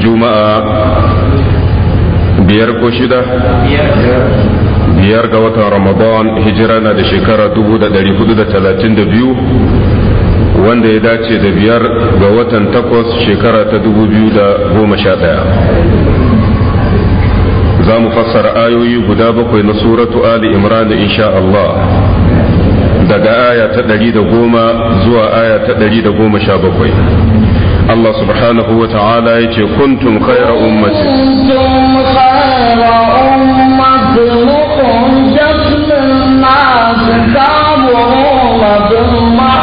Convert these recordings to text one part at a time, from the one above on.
juma'a biyar ko shida biyar ga watan ramadan hijira na da shekara 432 wanda ya dace da biyar ga watan takwas shekara ta 2011 za mu fassara ayoyi guda bakwai na suratu ali imran insha Allah daga aya ta 110 zuwa aya ta 117 الله سبحانه وتعالى يجي كنتم خير أمة كنتم خير أمة لكم جسم الناس كابروا وبالمعنى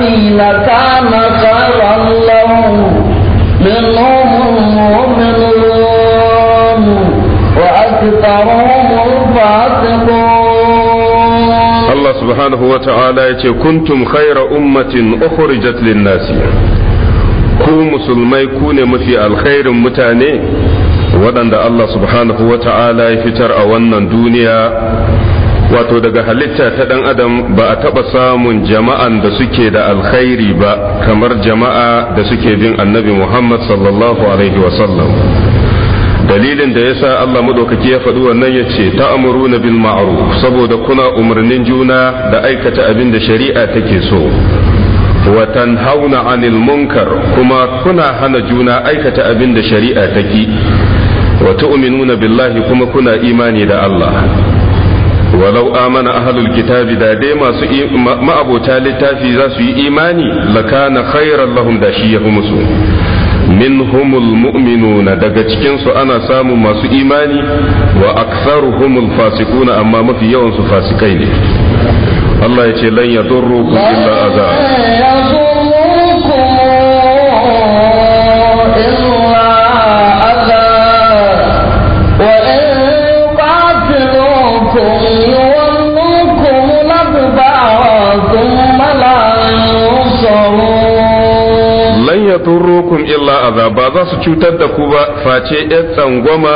الذين كان خيرا لهم منهم المؤمنون وأكثرهم الفاسقون الله سبحانه وتعالى يقول كنتم خير أمة أخرجت للناس ku musulmai ku ne mafi alkhairin mutane waɗanda Allah subhanahu wa ta'ala ya fitar a wannan duniya wato daga halitta ta dan adam ba a taba samun jama'an da suke da alkhairi ba kamar jama'a da suke bin annabi muhammad sallallahu alaihi wasallam dalilin da yasa Allah madaukaki ya faɗi wannan ya ce ta'amuruna bil ma'ruf saboda kuna umarnin juna da aikata abin da shari'a take so wa tanhauna 'anil munkar kuma kuna hana juna aikata abin da shari'a take wa tu'minuna billahi kuma kuna imani da Allah walau mana ahlul kitabi da dai masu ma'abota littafi za su yi imani lakana khairan lahum da shi yafi musu minhumul mu'minuna daga cikin su ana samun masu imani wa aktharuhumul fasiquna amma mafi yawan su fasikai ne Allah ya ce lan yadurrukum illa azab illa azab ba za su cutar da ku ba face yar tsangwama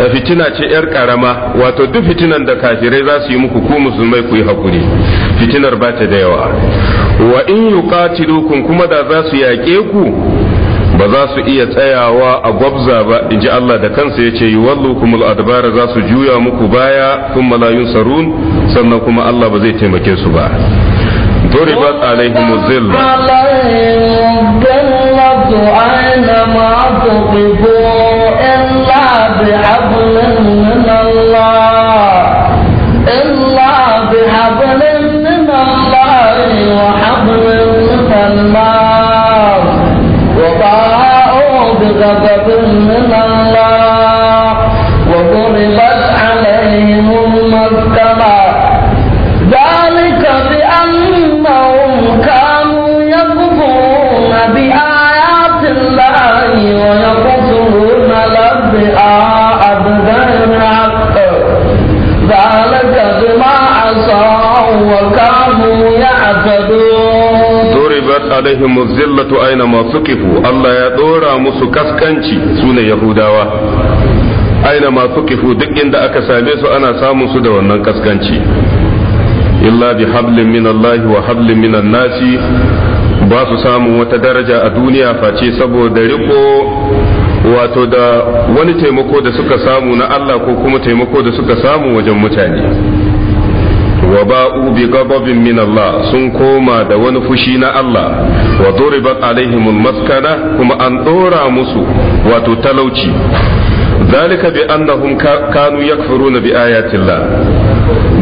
eh, fitina ce yar karama wato duk fitinan da kafirai za su yi muku ku musulmai ku yi hakuri fitinar ba ta da yawa wa in yuqatilukum kuma da za su yaƙe ku ba za su iya tsayawa a gwabza ba in ji Allah da kansa ya ce yi wallo kuma adbara za su juya muku baya kun malayun sarun sannan kuma Allah ba zai taimake su ba ba عليهم الذلة الأرض تقفوا إلا بحبل من الله إلا بحبل من الله وحبل من النار وباءوا بغضب من الله ضربت عليهم الذلة أينما ثقفوا الله يدور مسكسكنشي سنة يهوداوة أينما ثقفوا دك إن أكساميسو أنا سامو سدى ونن كسكنشي إلا بحبل من الله وحبل من الناس ba su samun wata daraja a duniya face saboda riko wato da wani taimako da suka samu na Allah ko kuma taimako da suka samu wajen mutane wa ba'u bi ghadabin min Allah sun koma da wani fushi na Allah wa duribat alaihimul maskana kuma an dora musu wato talauci zalika bi annahum kanu yakfuruna bi ayatillah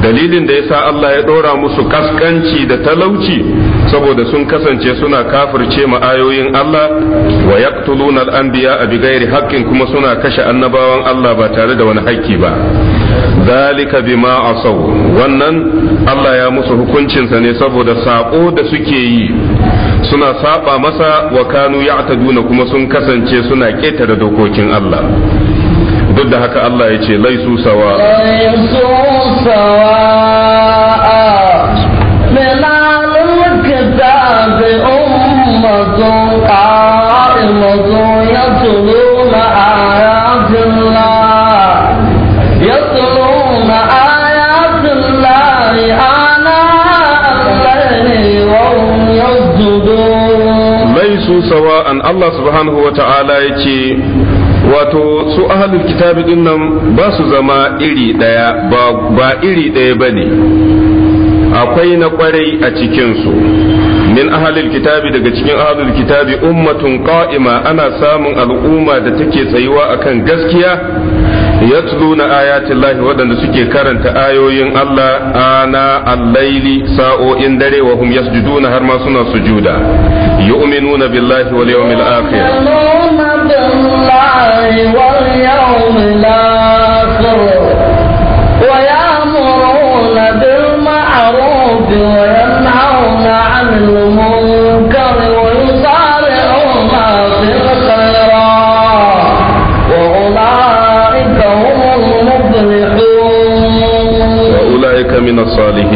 dalilin da yasa Allah ya dora musu kaskanci da talauci saboda sun kasance suna kafirce ma ayoyin Allah wa yaqtuluna al-anbiya bi ghairi haqqin kuma suna kashe annabawan Allah ba tare da wani haƙƙi ba zalika bima asaw wannan Allah ya musu hukuncinsa ne saboda sako da suke yi suna saba masa wa kanu ya'taduna kuma sun kasance suna ƙetare dokokin Allah duk da haka Allah ya ce laisu sawa laisu sawa من su an Allah subhanahu wa ta'ala ya ce wato su ahalul kitabi din nan ba su zama iri ɗaya ba iri ɗaya ba ne akwai na kwarai a cikinsu min ahalul kitabi daga cikin ahalul kitabi ummatun qa'ima ana samun al'umma da take tsayuwa akan gaskiya yatluna ayatillahi waɗanda suke karanta ayoyin Allah ana al sa'o'in dare wa hum yasjuduna har ma suna sujuda yu'minuna billahi wal yawmil akhir ويأمرون بالمعروف ومن الصالحين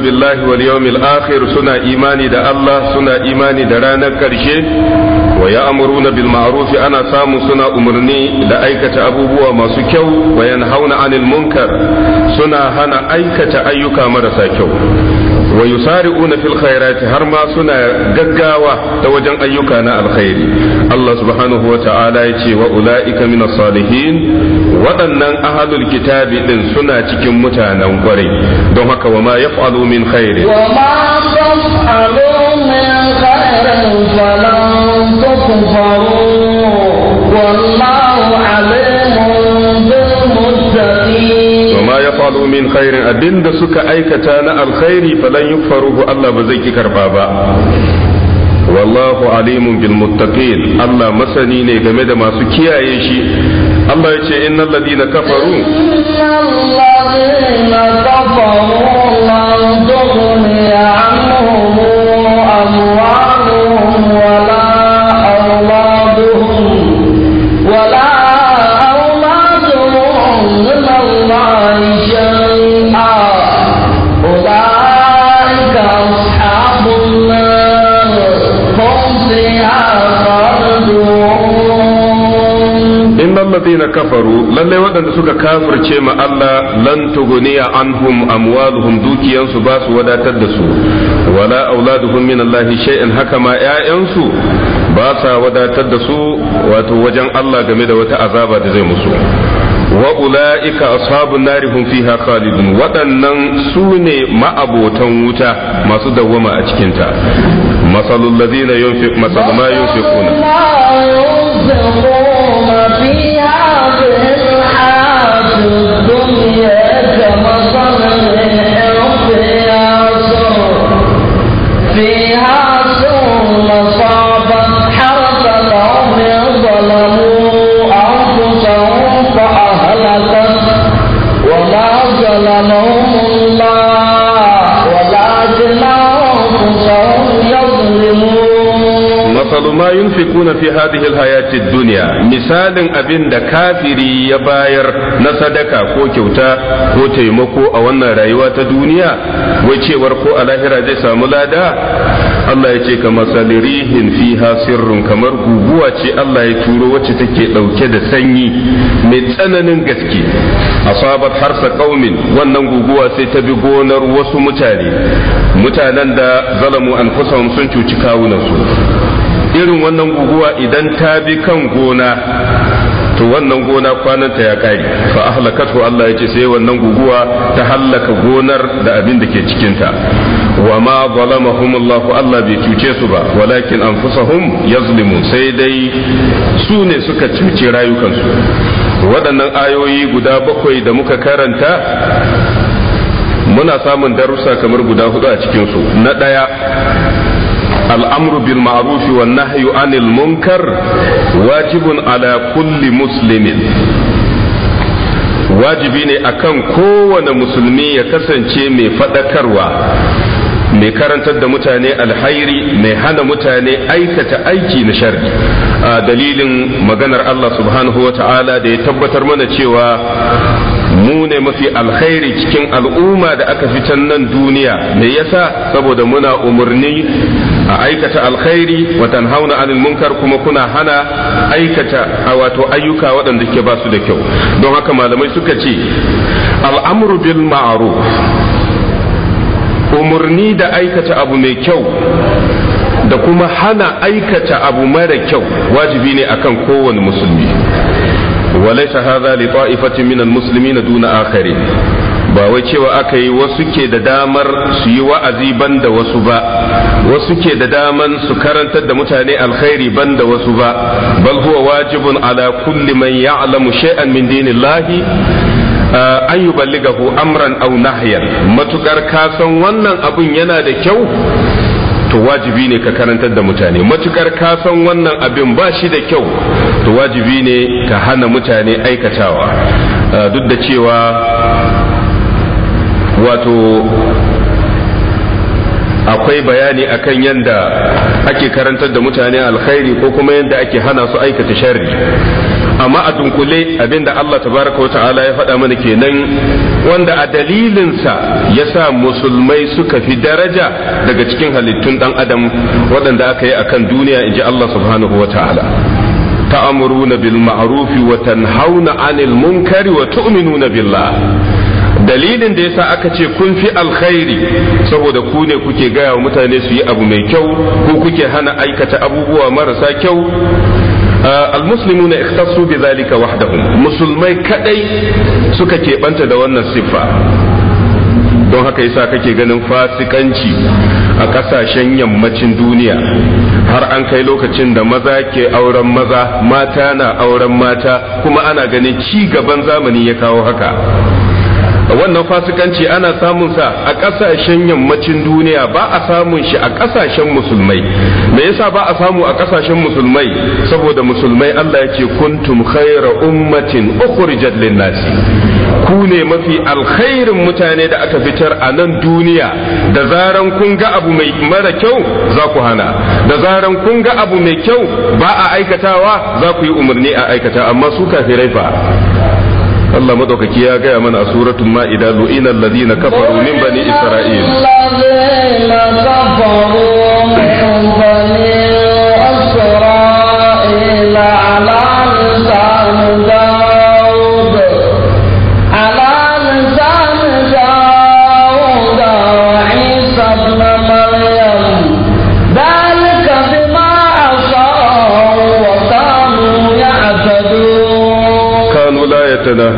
billahi wal yawmil akhir suna imani da Allah suna imani da ranar karshe wa ya'muruna bil ma'ruf ana samu suna umarni da aikata abubuwa masu kyau wa yanhauna 'anil munkar suna hana aikata ayyuka marasa kyau ويسارعون في الخيرات هرما سنا غغاوا توجن ايوكانا الخير الله سبحانه وتعالى يتي واولئك من الصالحين ودنن اهل الكتاب دين سنا cikin mutanen gore don haka وما ma من min khair wa ma yafalu min khair falan sana'u min khairin abinda suka aikata na alkhairi falan yukfaruhu Allah ba zai ki karba ba wallahu alimun bil muttaqin Allah masani ne game da masu kiyaye shi Allah ya ce innal ladina kafaru innal ladina kafaru allazina kafaru lalle waɗanda suka kafirce ma Allah lan tughniya anhum amwaluhum dukiyansu ba su wadatar da su wala auladuhum min Allah shay'an haka ma ƴaƴansu ba sa wadatar da su wato wajen Allah game da wata azaba da zai musu wa ula'ika ashabun nari hum fiha khalidun waɗannan su ne ma'abotan wuta masu dawwama a cikinta masalul ladina yunfiq masal ma yunfiquna mathalu ma yunfiquna fi hadhihi alhayati ad-dunya misalin abin da kafiri ya bayar na sadaka ko kyauta ko taimako a wannan rayuwa ta duniya wai cewar ko a lahira zai samu lada Allah ya ce kamar salirihin fiha hasirrun kamar guguwa ce Allah ya turo wacce take dauke da sanyi mai tsananin gaske asabat harsa qaumin wannan guguwa sai ta bi gonar wasu mutane mutanen da zalamu anfusahum sun cuci kawunansu irin wannan guguwa idan ta bi kan gona to wannan gona kwananta ya kare fa ahlakatu Allah yace sai wannan guguwa ta hallaka gonar da abin da ke cikinta wa ma zalamahum Allah Allah bai cuce su ba walakin anfusahum yazlimu sai dai su ne suka cuce rayukansu waɗannan ayoyi guda bakwai da muka karanta muna samun darussa kamar guda hudu a cikinsu na ɗaya الأمر بالمعروف والنهي عن المنكر واجب على كل مسلم wajibi ne a kan kowane musulmi ya kasance mai faɗakarwa mai karantar da mutane alhairi mai hana mutane aikata aiki na shari a dalilin maganar Allah subhanahu wa ta'ala da ya tabbatar mana cewa mu ne mafi alkhairi cikin al'umma da aka fitan nan duniya me yasa saboda muna umarni a aikata alkhairi wa tanhauna anil munkar kuma kuna hana aikata a wato ayyuka waɗanda ke basu da kyau don haka malamai suka ce al'amru bil ma'ruf umarni da aikata abu mai kyau da kuma hana aikata abu mara kyau wajibi ne akan kowane musulmi walaysa hadha li ta'ifatin min al-muslimin duna akharin ba wai cewa aka yi wasu ke da damar su yi wa'azi ban da wasu ba wasu ke da damar su karantar da mutane alkhairi ban da wasu ba bal huwa wajibun ala kulli man ya'lamu shay'an min dinillahi uh, an yuballighahu amran aw nahyan matukar ka san wannan abun yana da kyau to wajibi ne ka karantar da mutane matukar ka san wannan abin ba shi da kyau to wajibi ne ka hana mutane aikatawa uh, duk da cewa wato akwai bayani akan yadda ake karantar da mutane alkhairi ko kuma yadda ake hana su aikata sharri amma a dunkule abinda Allah tabaraka ya faɗa mana kenan wanda a dalilinsa ya sa musulmai suka fi daraja daga cikin halittun ɗan adam waɗanda aka yi a kan duniya in ji Allah subhanahu wata'ala ta'amuruna bil ma'rufi wa tanhauna 'anil munkari wa tu'minuna billah dalilin da yasa aka ce kun fi alkhairi saboda ku ne kuke gaya wa mutane su yi abu mai kyau ko kuke hana aikata abubuwa marasa kyau almuslimuna ikhtassu bi zalika wahdahum musulmai kadai suka keɓanta da wannan siffa don haka yasa kake ganin fasikanci a kasashen yammacin duniya har an kai lokacin da maza ke auren maza mata na auren mata kuma ana ganin ci gaban zamani ya kawo haka wannan fasikanci ana samun sa a ƙasashen yammacin duniya ba a samun shi a ƙasashen musulmai me yasa ba a samu a ƙasashen musulmai saboda musulmai Allah yake ce kuntum khayra ummatin ukhrijat lin ku ne mafi alkhairin mutane da aka fitar a nan duniya da zaran kun ga abu mai mara kyau za ku hana da zaran kun ga abu mai kyau ba a aikatawa za ku yi umarni a aikata amma su kafirai fa Allah madaukaki ya gaya mana a suratun ma'ida lu'ina ladina kafaru min bani isra'il ka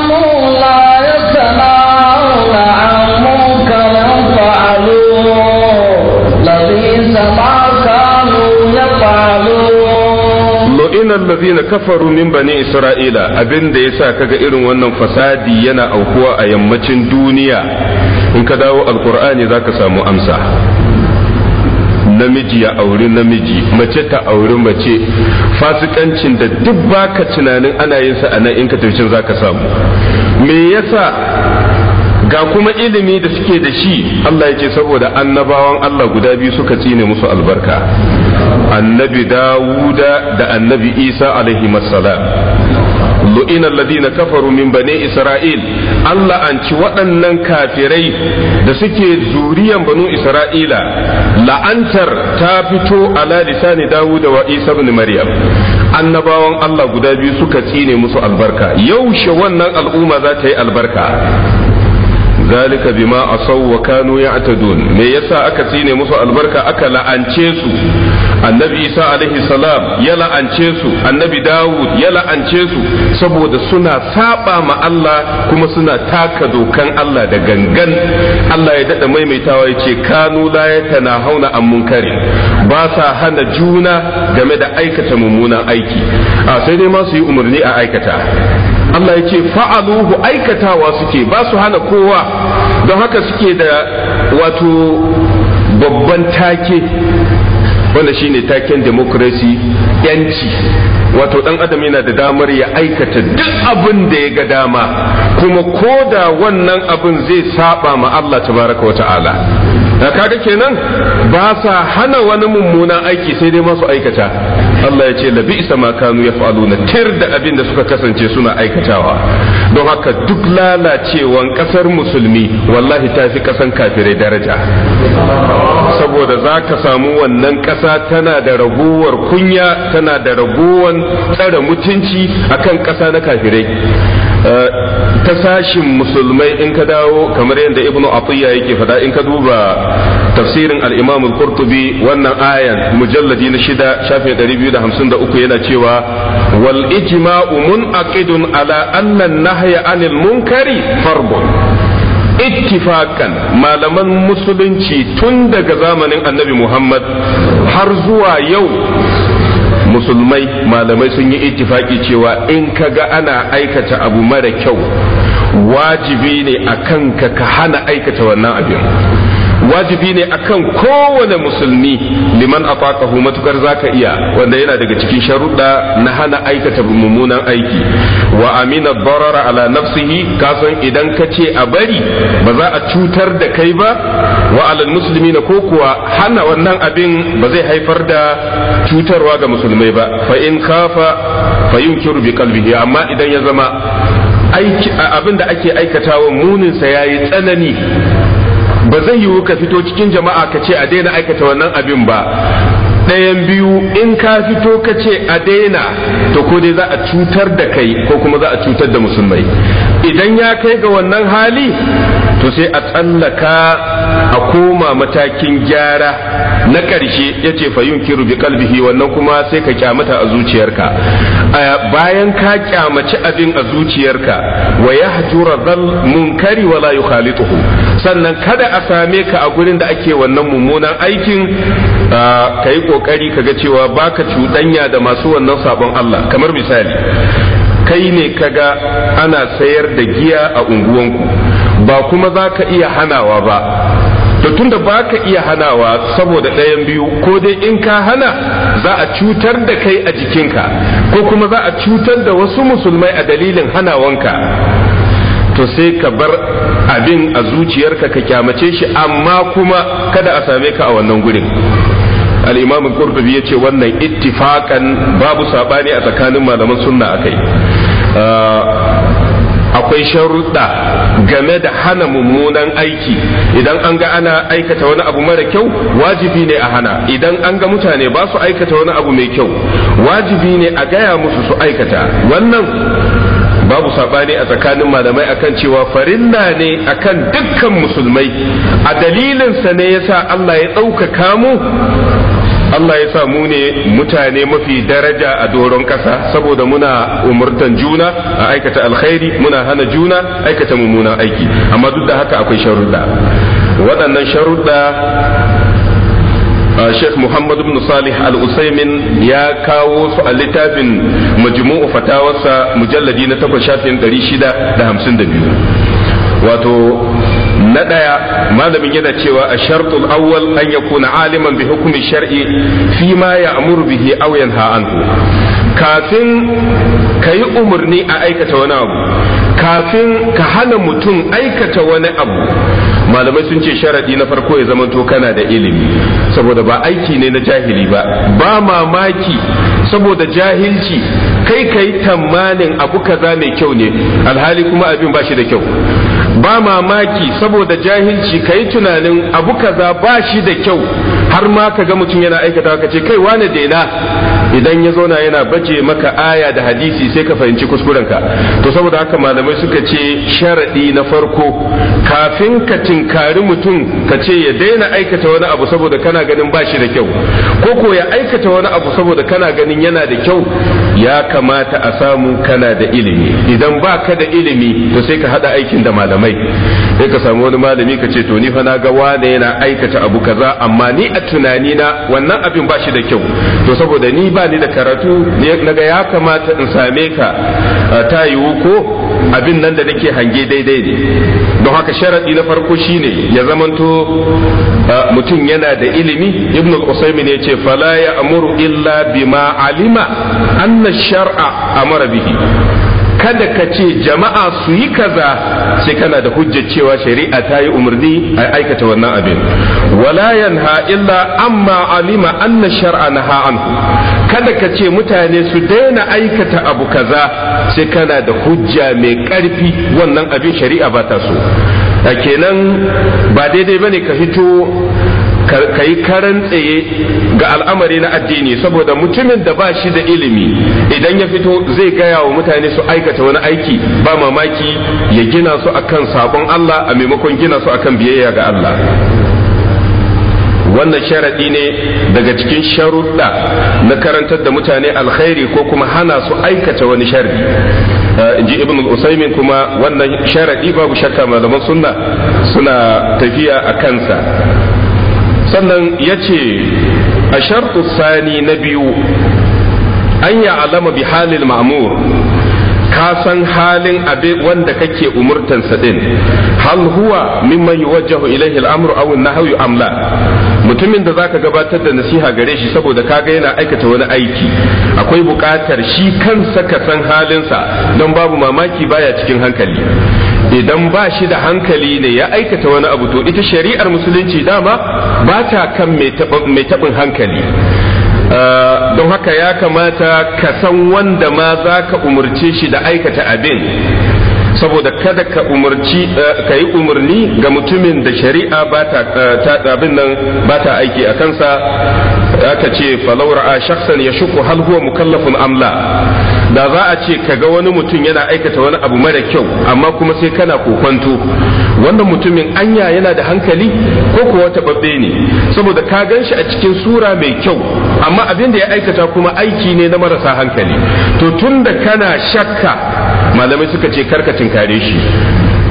nuna da ƙananan ka nuna falo. lo'inan kafarumin bane isra'ila abin da ya sa kaga irin wannan fasadi yana aukuwa a yammacin duniya in ka dawo alƙwari zaka samu amsa. namiji ya auri namiji mace ta auri mace fasikancin da duk baka tunanin ana yin sa a nan in ka tafi zaka samu me yasa ga kuma ilimi da suke da shi Allah yake saboda annabawan Allah guda biyu suka tsine musu albarka annabi dawuda da annabi isa alaihi salam lu'ina alladhina kafaru min bani isra'il Allah an ci waɗannan kafirai da suke zuriyan banu isra'ila la'antar ta fito ala lisani Dawud wa Isa ibn Maryam annabawan Allah guda biyu suka tsine musu albarka yaushe wannan al'umma za ta yi albarka zalika bima asaw wa kanu ya'tadun me yasa aka tsine musu albarka aka la'ance su annabi isa alaihi salam ya la'ance su annabi dawud ya la'ance su saboda suna saba ma Allah kuma suna taka dokan Allah da gangan Allah ya dada maimaitawa ya ce kanu la yatana hauna an munkari ba sa hana juna game da aikata mummunan aiki a sai dai ma su yi umarni a aikata Allah ya ce fa'aluhu aikatawa suke ba su hana kowa don haka suke da wato babban take wanda shine taken democracy yanci wato dan adam yana da damar ya aikata duk abin da ya ga dama kuma ko da wannan abin zai saba ma Allah tabaraka wa ta'ala kaga kenan ba sa hana wani mummunan aiki sai dai masu aikata Allah ya ce labi isa ma kanu ya na tir da abin da suka kasance suna aikatawa don haka duk lalacewan kasar musulmi wallahi ta fi kasan kafirai daraja saboda za ka samu wannan ƙasa tana da raguwar kunya tana da raguwan tsare mutunci akan ƙasa na kafirai Eh, ta sashin musulmai in ka dawo kamar yadda ibnu atiyya yake fada in ka duba tafsirin al-imam al-qurtubi wannan ayan mujalladi na shida shafi 253 yana cewa wal ijma'u munaqidun ala anna an-nahya 'anil munkari fardun ittifakan malaman musulunci tun daga zamanin annabi Muhammad har zuwa yau musulmai malamai sun yi ittifaki cewa in ka ga ana aikata abu mara kyau wajibi ne a kanka ka hana aikata wannan abin wajibi ne akan kowane musulmi liman ataqahu matukar zaka iya wanda yana daga cikin sharuɗa na hana aikata mummunan aiki wa amina darara ala nafsihi kasan idan kace a bari ba za a cutar da kai ba wa ala musulmi na ko kuwa hana wannan abin ba zai haifar da cutarwa ga musulmai ba fa in kafa fa yunkiru bi qalbihi amma idan ya zama abin da ake aikatawa muninsa yayi tsanani ba zai yiwu ka fito cikin jama'a ka ce a daina aikata wannan abin ba ɗayan biyu in ka fito ka ce a daina to ko dai za a cutar da kai ko kuma za a cutar da musulmai idan ya kai ga wannan hali to sai a tsallaka a koma matakin gyara na ƙarshe ya ce fayun kiru bi kalbihi wannan kuma sai ka kyamata a zuciyarka bayan ka kyamaci abin a zuciyarka wa ya hajura zal munkari layu yukhalituhu sannan kada a same ka a gurin da ake wannan mummunan aikin ka yi kokari ka ga cewa baka cuɗanya da masu wannan sabon Allah kamar misali kai ne kaga ana sayar da giya a unguwanku ba kuma za ka iya hanawa ba da tunda ba ka iya hanawa saboda ɗayan biyu ko dai in ka hana za a cutar da kai a jikinka ko kuma za a cutar da wasu musulmai a dalilin hanawanka to sai ka bar abin a zuciyarka ka kyamace shi amma kuma kada a same ka a wannan gurin alimamin imam ya ce wannan ittifakan babu saɓani a tsakanin malaman sunna akai ah, akwai sharuɗa game da hana mummunan aiki idan an ga ana aikata wani abu mara kyau wajibi ne a hana idan an ga mutane ba su aikata wani abu mai kyau wajibi ne a gaya musu su aikata wannan babu sabani a tsakanin malamai akan cewa farilla ne akan dukkan musulmai a dalilinsa ne yasa Allah ya ɗaukaka mu Allah ya sa mu ne mutane mafi daraja a doron ƙasa saboda muna umurtan juna a aikata alkhairi muna hana juna aikata mummunan aiki amma duk da haka akwai sharuɗa waɗannan sharuɗa Sheikh Muhammad ibn Salih Al-Usaimin ya kawo su a littafin majmu'u fatawarsa mujalladi na takwas shafin 652 wato na ɗaya malamin yana cewa a shartul awwal an yakuna aliman bi hukmi shar'i fi ma ya amuru bihi aw yanha anhu kafin kayi umarni a aikata wani abu kafin ka hana mutum aikata wani abu malamai sun ce sharadi na farko ya zamanto kana da ilimi saboda ba aiki ne na jahili ba ba mamaki saboda jahilci kai ka yi tamanin abu kaza mai kyau ne alhali kuma abin ba shi da kyau ba mamaki saboda jahilci ka tunanin abu kaza ba shi da kyau har ma ka ga mutum yana aikata ka ce kai wane daina idan ya zauna yana baje maka aya da hadisi sai ka fahimci kuskuren ka to saboda haka malamai suka ce sharadi na farko kafin ka tinkari mutum ka ce ya daina aikata wani abu saboda kana ganin ba shi da kyau ko ko ya aikata wani abu saboda kana ganin yana da kyau ya kamata a samu kana da ilimi idan ba ka da ilimi to sai ka hada aikin da malamai sai ka samu wani malami ka ce to ni fa na ga wane yana aikata abu kaza amma ni a tunani na wannan abin ba shi da kyau to saboda ni ba ni da karatu naga ya kamata in same ka eh, ta yiwu ko abin nan da nake hange daidai ne don haka sharaɗi na farko shine ya zamanto eh, mutum yana da ilimi ibn al ne yace fala ya amuru illa bima alima anna shar'a amara bihi kada ka ce jama'a su yi kaza sai kana da hujja cewa shari'a ta yi umarni a aikata wannan abin wala yanha illa amma alima anna shar'a naha anhu kada ka ce mutane su daina aikata abu kaza sai kana da hujja mai ƙarfi wannan abin shari'a ba ta so kenan ba daidai bane ka fito ka yi karan tsaye ga al'amari na addini saboda mutumin da ba shi da ilimi idan ya fito zai gaya wa mutane su aikata wani aiki ba mamaki ya gina su akan sabon Allah a maimakon gina su akan biyayya ga Allah wannan sharaɗi ne daga cikin sharuɗa na karantar da mutane alkhairi ko kuma hana su aikata wani sharadi eh, in ji ibn usaimin kuma wannan sharaɗi babu shakka malaman sunna suna tafiya a kansa sannan ya ce a shartu sani na biyu an yi alama bi halin ma'mur ka san halin abe wanda kake umurtansa din hal huwa mimma yuwajjahu ilaihi al-amru aw an-nahyu amla mutumin da zaka gabatar da nasiha gare shi saboda kaga yana aikata wani aiki akwai buƙatar shi kansa ka san halin sa don babu mamaki baya cikin hankali idan ba shi da hankali ne ya aikata wani abu to ita shari'ar musulunci dama ba ta kan mai taɓin hankali ah, don haka ya kamata ka san wanda ma za ka umarce shi da aikata abin saboda kada ka umarci ah, ka yi umarni ga mutumin da shari'a ba ah, ta abin nan ba ta aiki a kansa aka ce falaura a shakhsan ya shuku hal huwa mukallafun amla da za a ce kaga wani mutum yana aikata wani abu mara kyau amma kuma sai kana kokonto wannan mutumin anya yana da hankali ko kuwa taɓaɓɓe ne saboda ka gan shi a cikin sura mai kyau amma abin da ya aikata kuma aiki ne na marasa hankali to tun da kana shakka malamai suka ce karka tinkare shi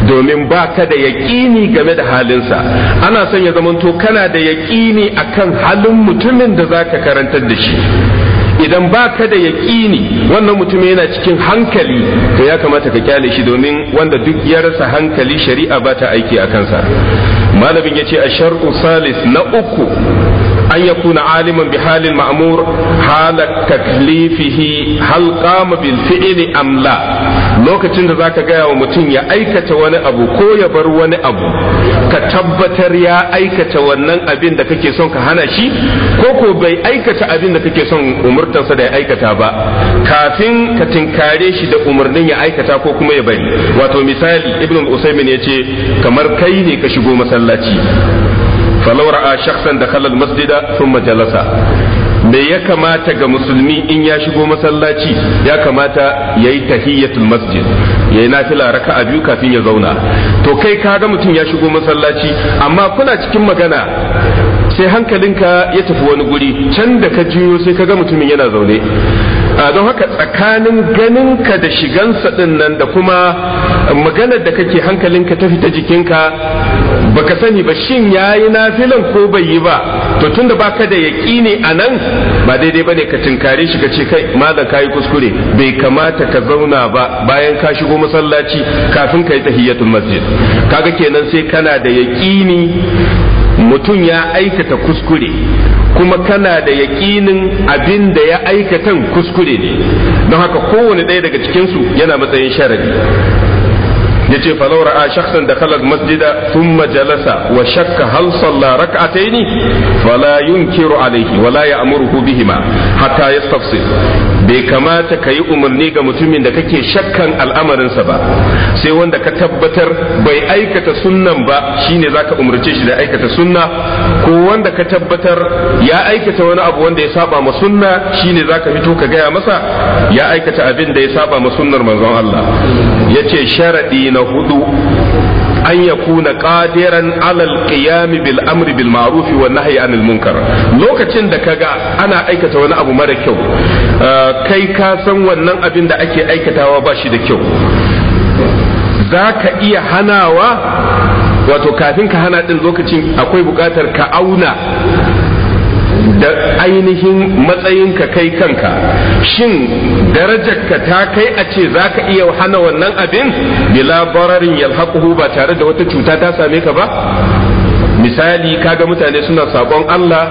domin ba ka da yaƙini game da halinsa ana son ya zamanto kana da yaƙini akan halin mutumin da za ka karantar da shi idan ba ka da yaƙini wannan mutum yana cikin hankali to ya kamata ka kyale shi domin wanda duk ya rasa hankali shari'a ba ta aiki a kansa malamin ya ce a shar'u salis na uku an ya kuna aliman bi halin ma'amur hala taklifihi hal bil fi'li amla. lokacin da za ka gaya wa mutum ya aikata wani abu ko ya bar wani abu ka tabbatar ya aikata wannan abin da kake son ka hana shi ko ko bai aikata abin da kake son umurtansa da ya aikata ba kafin ka tinkare shi da umarnin ya aikata ko kuma ya bari wato misali ibn usaimin ya ce kamar kai ne ka shigo masallaci فلو رأى shakhsan دخل المسجد masjida thumma me ya kamata ga musulmi in ya shigo masallaci ya kamata ya yi tahiyyatul masjid ya yi nafila raka a biyu kafin ya zauna to kai ka ga mutum ya shigo masallaci amma kuna cikin magana sai hankalinka ya tafi wani guri can da ka jiyo sai ka ga mutumin yana zaune A don haka tsakanin ganinka da shigansa din nan da kuma maganar da kake hankalinka ta fita jikinka baka sani ba shin yayi nafilan ko bai yi ba to tunda baka da yaƙini a nan ba daidai bane ka tinkare shi ka ce kai malam kayi kuskure bai kamata ka zauna ba bayan ka shigo masallaci kafin ka yi tahiyyatul masjid kaga kenan sai kana da yaƙini mutum ya aikata kuskure kuma kana da yaƙinin abin da ya aikatan kuskure ne don haka kowane ɗaya daga cikinsu yana matsayin sharadi ya ce falau a shakhsan da khalal masjida sun Majalasa wa shakka hal salla rak'ataini fala yunkiru alayhi wala ya ya'muruhu bihima hatta yastafsil bai kamata ka yi umarni ga mutumin da kake shakkan al'amarinsa ba sai wanda ka tabbatar bai aikata sunnan ba shine zaka umarce shi da aikata sunna ko wanda ka tabbatar ya aikata wani abu wanda ya saba ma sunna shine zaka fito ka gaya masa ya aikata abin da ya saba ma sunnar manzon Allah yace sharadi na hudu an kuna qadiran alal ƙiyami bil amri bil ma'ruf wa nahyi anil munkar lokacin da kaga ana aikata wani abu mara kyau uh, kai ka san wannan abin da ake aikatawa ba shi da kyau za ka iya hanawa wato kafin ka hana din lokacin akwai buƙatar ka auna da ainihin matsayin ka kai kanka shin darajarka ta kai a ce za ka iya hana wannan abin bila bararin yalhaquhu ba tare da wata cuta ta same ka ba misali kaga mutane suna sabon Allah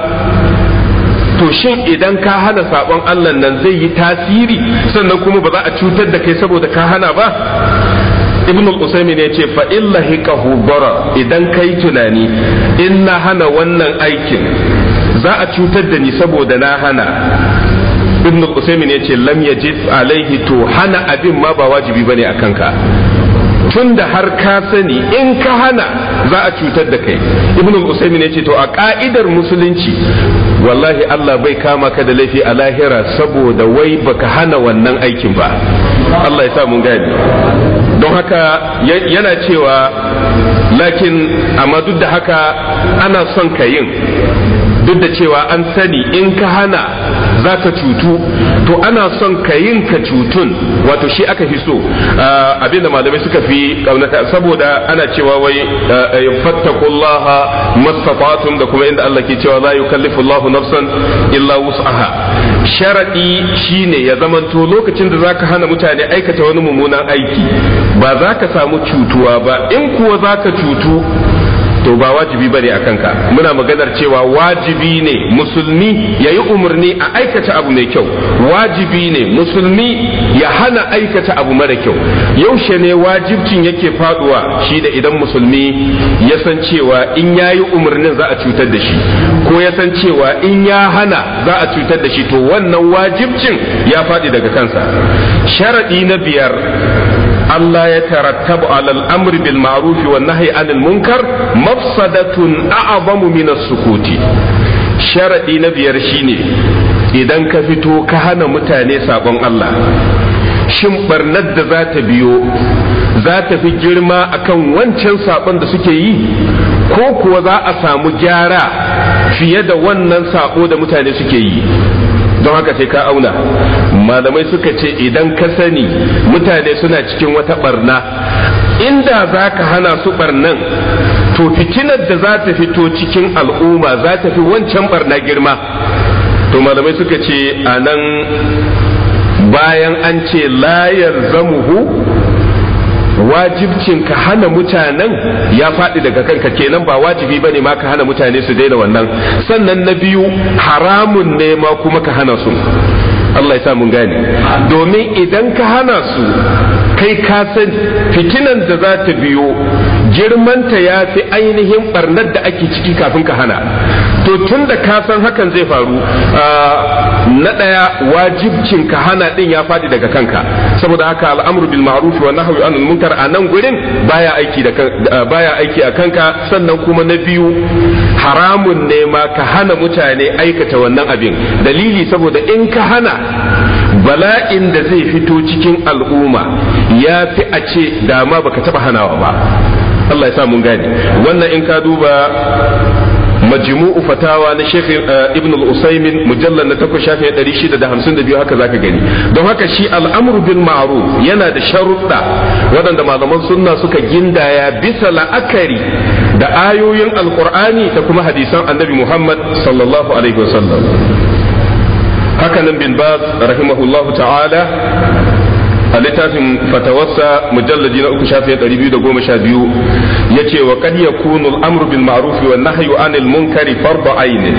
to shin idan ka hana sabon Allah nan zai yi tasiri sannan kuma ba za a cutar da kai saboda ka hana ba ibn al-usaymin ya ce fa illa hikahu bara idan kai tunani in hana wannan aikin za a cutar da ni saboda na hana ibn qusaymin ya lam yajib alaihi to hana abin ma ba wajibi bane a kanka tun da har ka sani in ka hana za a cutar da kai ibn qusaymin ya to a ka'idar musulunci wallahi Allah bai kama ka da laifi a lahira saboda wai baka hana wannan aikin ba Allah ya sa mun gani don haka yana cewa lakin amma duk da haka ana son ka yin duk da cewa an sani in ka hana za ka cutu to ana son ka yin ka cutun wato shi aka fi so ah, abinda malamai suka fi kaunata saboda ana cewa wai ah, fattakullaha mastafatun da kuma inda Allah ke cewa la yukallifu Allahu nafsan illa wus'aha sharadi shine ya zamanto lokacin da zaka hana mutane aikata wani mummunan aiki ba za ka samu cutuwa ba in kuwa za ka cutu to ba wajibi bane a kanka muna maganar cewa wajibi ne musulmi ya yi umarni a aikata abu mai kyau wajibi ne musulmi ya hana aikata abu mara kyau yaushe ne wajibcin yake faduwa shi da idan musulmi ya san cewa in ya yi umarnin za a cutar da shi ko ya san cewa in ya hana za a cutar da shi to wannan wajibcin ya faɗi daga kansa sharaɗi na biyar Allah ya tarattabu alal amri bil ma'ruf wa nahyi anil munkar mafsadatun a'zamu min as-sukuti sharadi na biyar shine idan ka fito ka hana mutane sabon Allah shin barnar da za ta biyo za ta fi girma akan wancan sabon da suke yi ko kuwa za a samu gyara fiye da wannan sabo da mutane suke yi don haka sai ka auna malamai suka ce idan ka sani mutane suna cikin wata barna inda za ka hana su barnan to fitinar da za ta fito cikin al'umma za ta fi wancan barna girma to malamai suka ce a nan bayan an ce layar zamuhu wajibcin ka hana mutanen ya faɗi daga kanka kenan ba wajibi bane ma ka hana mutane su daina wannan sannan na biyu haramun ne ma kuma ka hana su Allah ya sa mun gane domin idan ka hana su kai ka san fitinan da za ta biyo girmanta ya fi ainihin barnar da ake ciki kafin ka hana to tun da ka san hakan zai faru na ɗaya wajibcin ka hana ɗin ya faɗi daga kanka saboda haka al'amru bil ma'ruf wa nahyu anil munkar a nan gurin baya aiki da baya aiki a kanka sannan kuma na biyu haramun ne ma ka hana mutane aikata wannan abin dalili saboda in ka hana bala'in da zai fito cikin al'umma ya fi a ce dama baka taba hanawa ba Allah ya sa mun gane wannan in ka duba majmu'u fatawa na Sheikh eh, Ibn al-Usaymin mujallal na 8 shafi 652 haka zaka gani don haka shi al'amru bil ma'ruf yana da sharuɗa waɗanda malaman sunna suka gindaya bisa la'akari da ayoyin alqur'ani da kuma hadisan annabi Muhammad sallallahu alaihi wasallam haka nan bin Baz rahimahullahu ta'ala a littafin fatawarsa mujallaji na uku shafi ɗari biyu da goma sha biyu ya ce wa kad ya kunu al'amru bil ma'rufi wa nahyu anil munkari fardu aini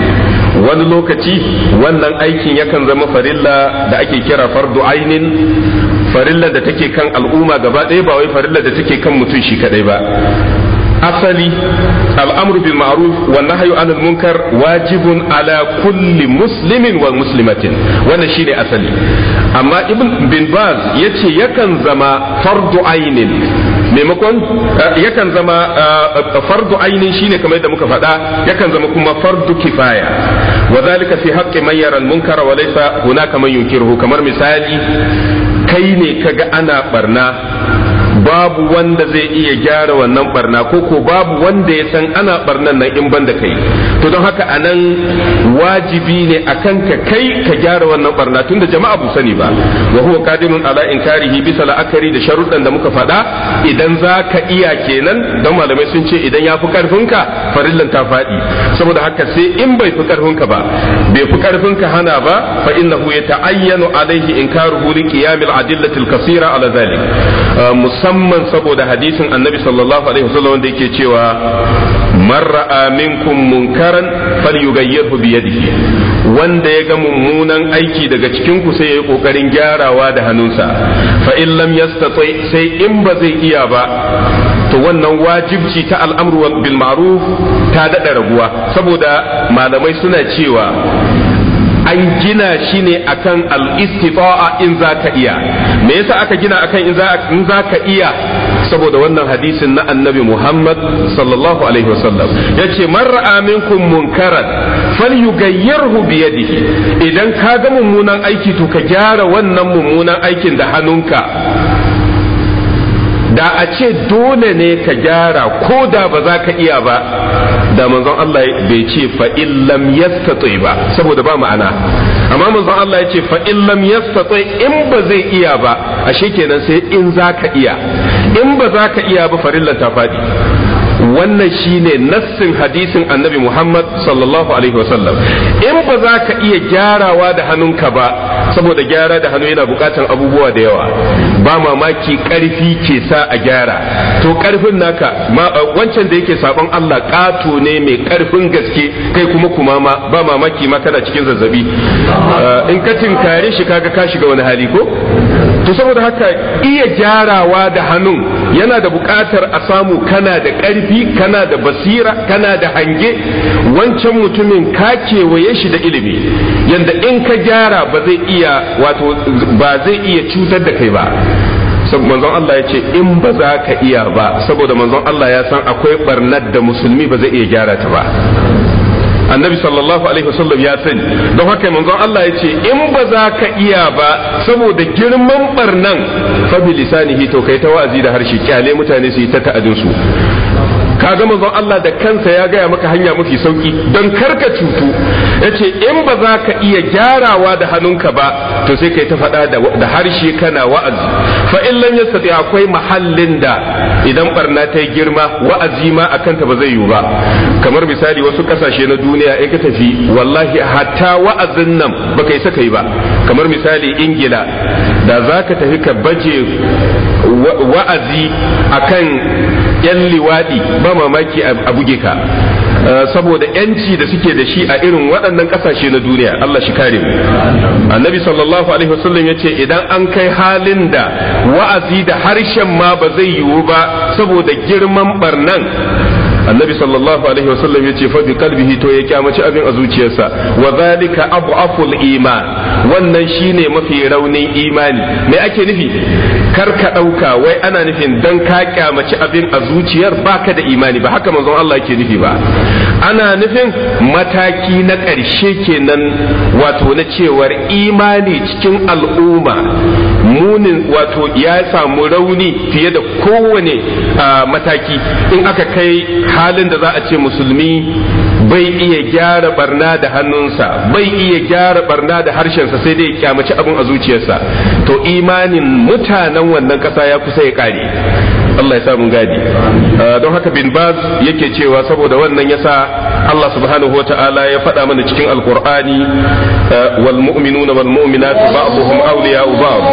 wani lokaci wannan aikin yakan zama farilla da ake kira fardu ainin farilla da take kan al'umma gaba ɗaya ba wai farilla da take kan mutum shi kadai ba asali al'amru bil ma'aruf wa nahyu anil munkar wajibun ala kulli muslimin wa muslimatin wannan shine asali amma ibn bin baz yace yakan zama fardu ainin maimakon eh, yakan zama eh, fardu ainin shine kamar yadda muka faɗa yakan zama kuma fardu kifaya wa zalika fi haƙƙi man yara munkara wa laysa hunaka man yunkiruhu kamar misali kai ne kaga ana barna babu wanda zai iya gyara wannan barna ko ko babu wanda ya san ana barnan nan in banda kai to don haka a nan wajibi ne a kan ka kai ka gyara wannan barna tunda jama'a bu sani ba wa huwa qadirun ala inkarihi bisa la'akari da sharuɗan da muka faɗa idan za ka iya kenan don malamai sun ce idan ya fi ka farillan ta faɗi saboda haka sai in bai fi karfinka ba bai fi ka hana ba fa innahu yata'ayyanu alaihi inkaruhu liqiyamil adillatil kasira ala zalik musamman saboda hadisin annabi sallallahu alaihi wasallam wanda yake cewa man ra'a minkum munkaran falyughayyirhu bi yadihi wanda ya ga mummunan aiki daga cikin ku sai ya yi kokarin gyarawa da hannunsa fa in lam yastati sai in ba zai iya ba to wannan wajibci ta al'amru bil ma'ruf ta dada raguwa saboda malamai suna cewa an gina shi ne akan al istifa'a in ka iya me yasa aka gina akan in za ka iya saboda wannan hadisin na annabi Muhammad sallallahu alaihi wasallam yace man ra'a minkum munkaran falyughayyirhu bi yadihi idan ka ga mummunan aiki to ka gyara wannan mummunan aikin da hannunka da a ce dole ne ka gyara ko da ba za ka iya ba da manzon Allah bai ce fa illam yastati ba saboda ba ma'ana amma manzon Allah ya ce fa illam yastati in ba zai iya ba ashe kenan sai in za ka iya in ba za ka iya ba farillan ta wannan shine nassin hadisin annabi Muhammad sallallahu alaihi wasallam in ba za ka iya gyarawa da hannunka ba saboda gyara da hannu yana bukatan abubuwa da yawa ba mamaki karfi ke sa a gyara to ƙarfin naka wancan da yake sabon Allah ƙato ne mai ƙarfin gaske kai kuma kuma ma ba mamaki ma kana cikin zazzabi in ka tinkare shi kaga ka shiga wani hali ko to saboda haka iya gyarawa da hannun yana da buƙatar a samu kana da ƙarfi kana da basira kana da hange wancan mutumin ka kewaye shi da ilimi yanda in ka gyara ba zai iya wato ba zai iya cutar da kai ba manzon Allah ya ce in ba za ka iya ba saboda manzon Allah ya san akwai barnar da musulmi ba zai iya gyara ta ba annabi sallallahu alaihi wasallam ya sani don haka manzon Allah ya ce in ba za ka iya ba saboda girman barnan fa bi lisanihi to kai ta wa'azi da harshe kyale mutane su yi ta ta'adin su ka ga manzon Allah da kansa ya gaya maka hanya mafi sauki don karka cutu yace in ba za ka iya gyarawa da hannunka ba to sai kai ta faɗa da harshe kana wa'azi fa in lam yastati akwai mahallin da idan barna ta yi girma wa'azi ma akan ta ba zai yiwu ba kamar misali wasu ƙasashe na duniya in ka tafi wallahi hatta wa'azin nan baka isa kai ba kamar misali Ingila da za ka tafi ka baje wa'azi a kan yan liwaɗi ba mamaki a buge ka uh, saboda yanci da suke da shi a irin waɗannan ƙasashe na duniya Allah shi kare mu annabi sallallahu alaihi wasallam ce idan an kai halin da wa'azi da harshen ma ba zai yiwu ba saboda girman barnan annabi sallallahu alaihi wasallam yace ce bi qalbihi to ya kyamaci abin a zuciyarsa wa zalika aful iman wannan shine mafi raunin imani me ake nufi kar ka dauka wai ana nufin dan ka kyamaci abin a zuciyar baka da imani ba haka manzon Allah yake nufi ba ana nufin mataki na ƙarshe kenan wato na cewar imani cikin al'umma munin wato ya samu rauni fiye da kowane ah, mataki in aka kai halin da za a ce musulmi bai iya gyara barna da hannunsa bai iya gyara barna da harshensa sai dai ya kyamaci abin a zuciyarsa to imanin mutanen wannan kasa ya kusa ya kare Allah ya sa mun gadi ah, don haka bin baz yake cewa saboda wannan yasa Allah subhanahu wataala ya faɗa mana cikin alqur'ani ah, wal mu'minuna wal mu'minatu ba'dhum awliya'u ba'd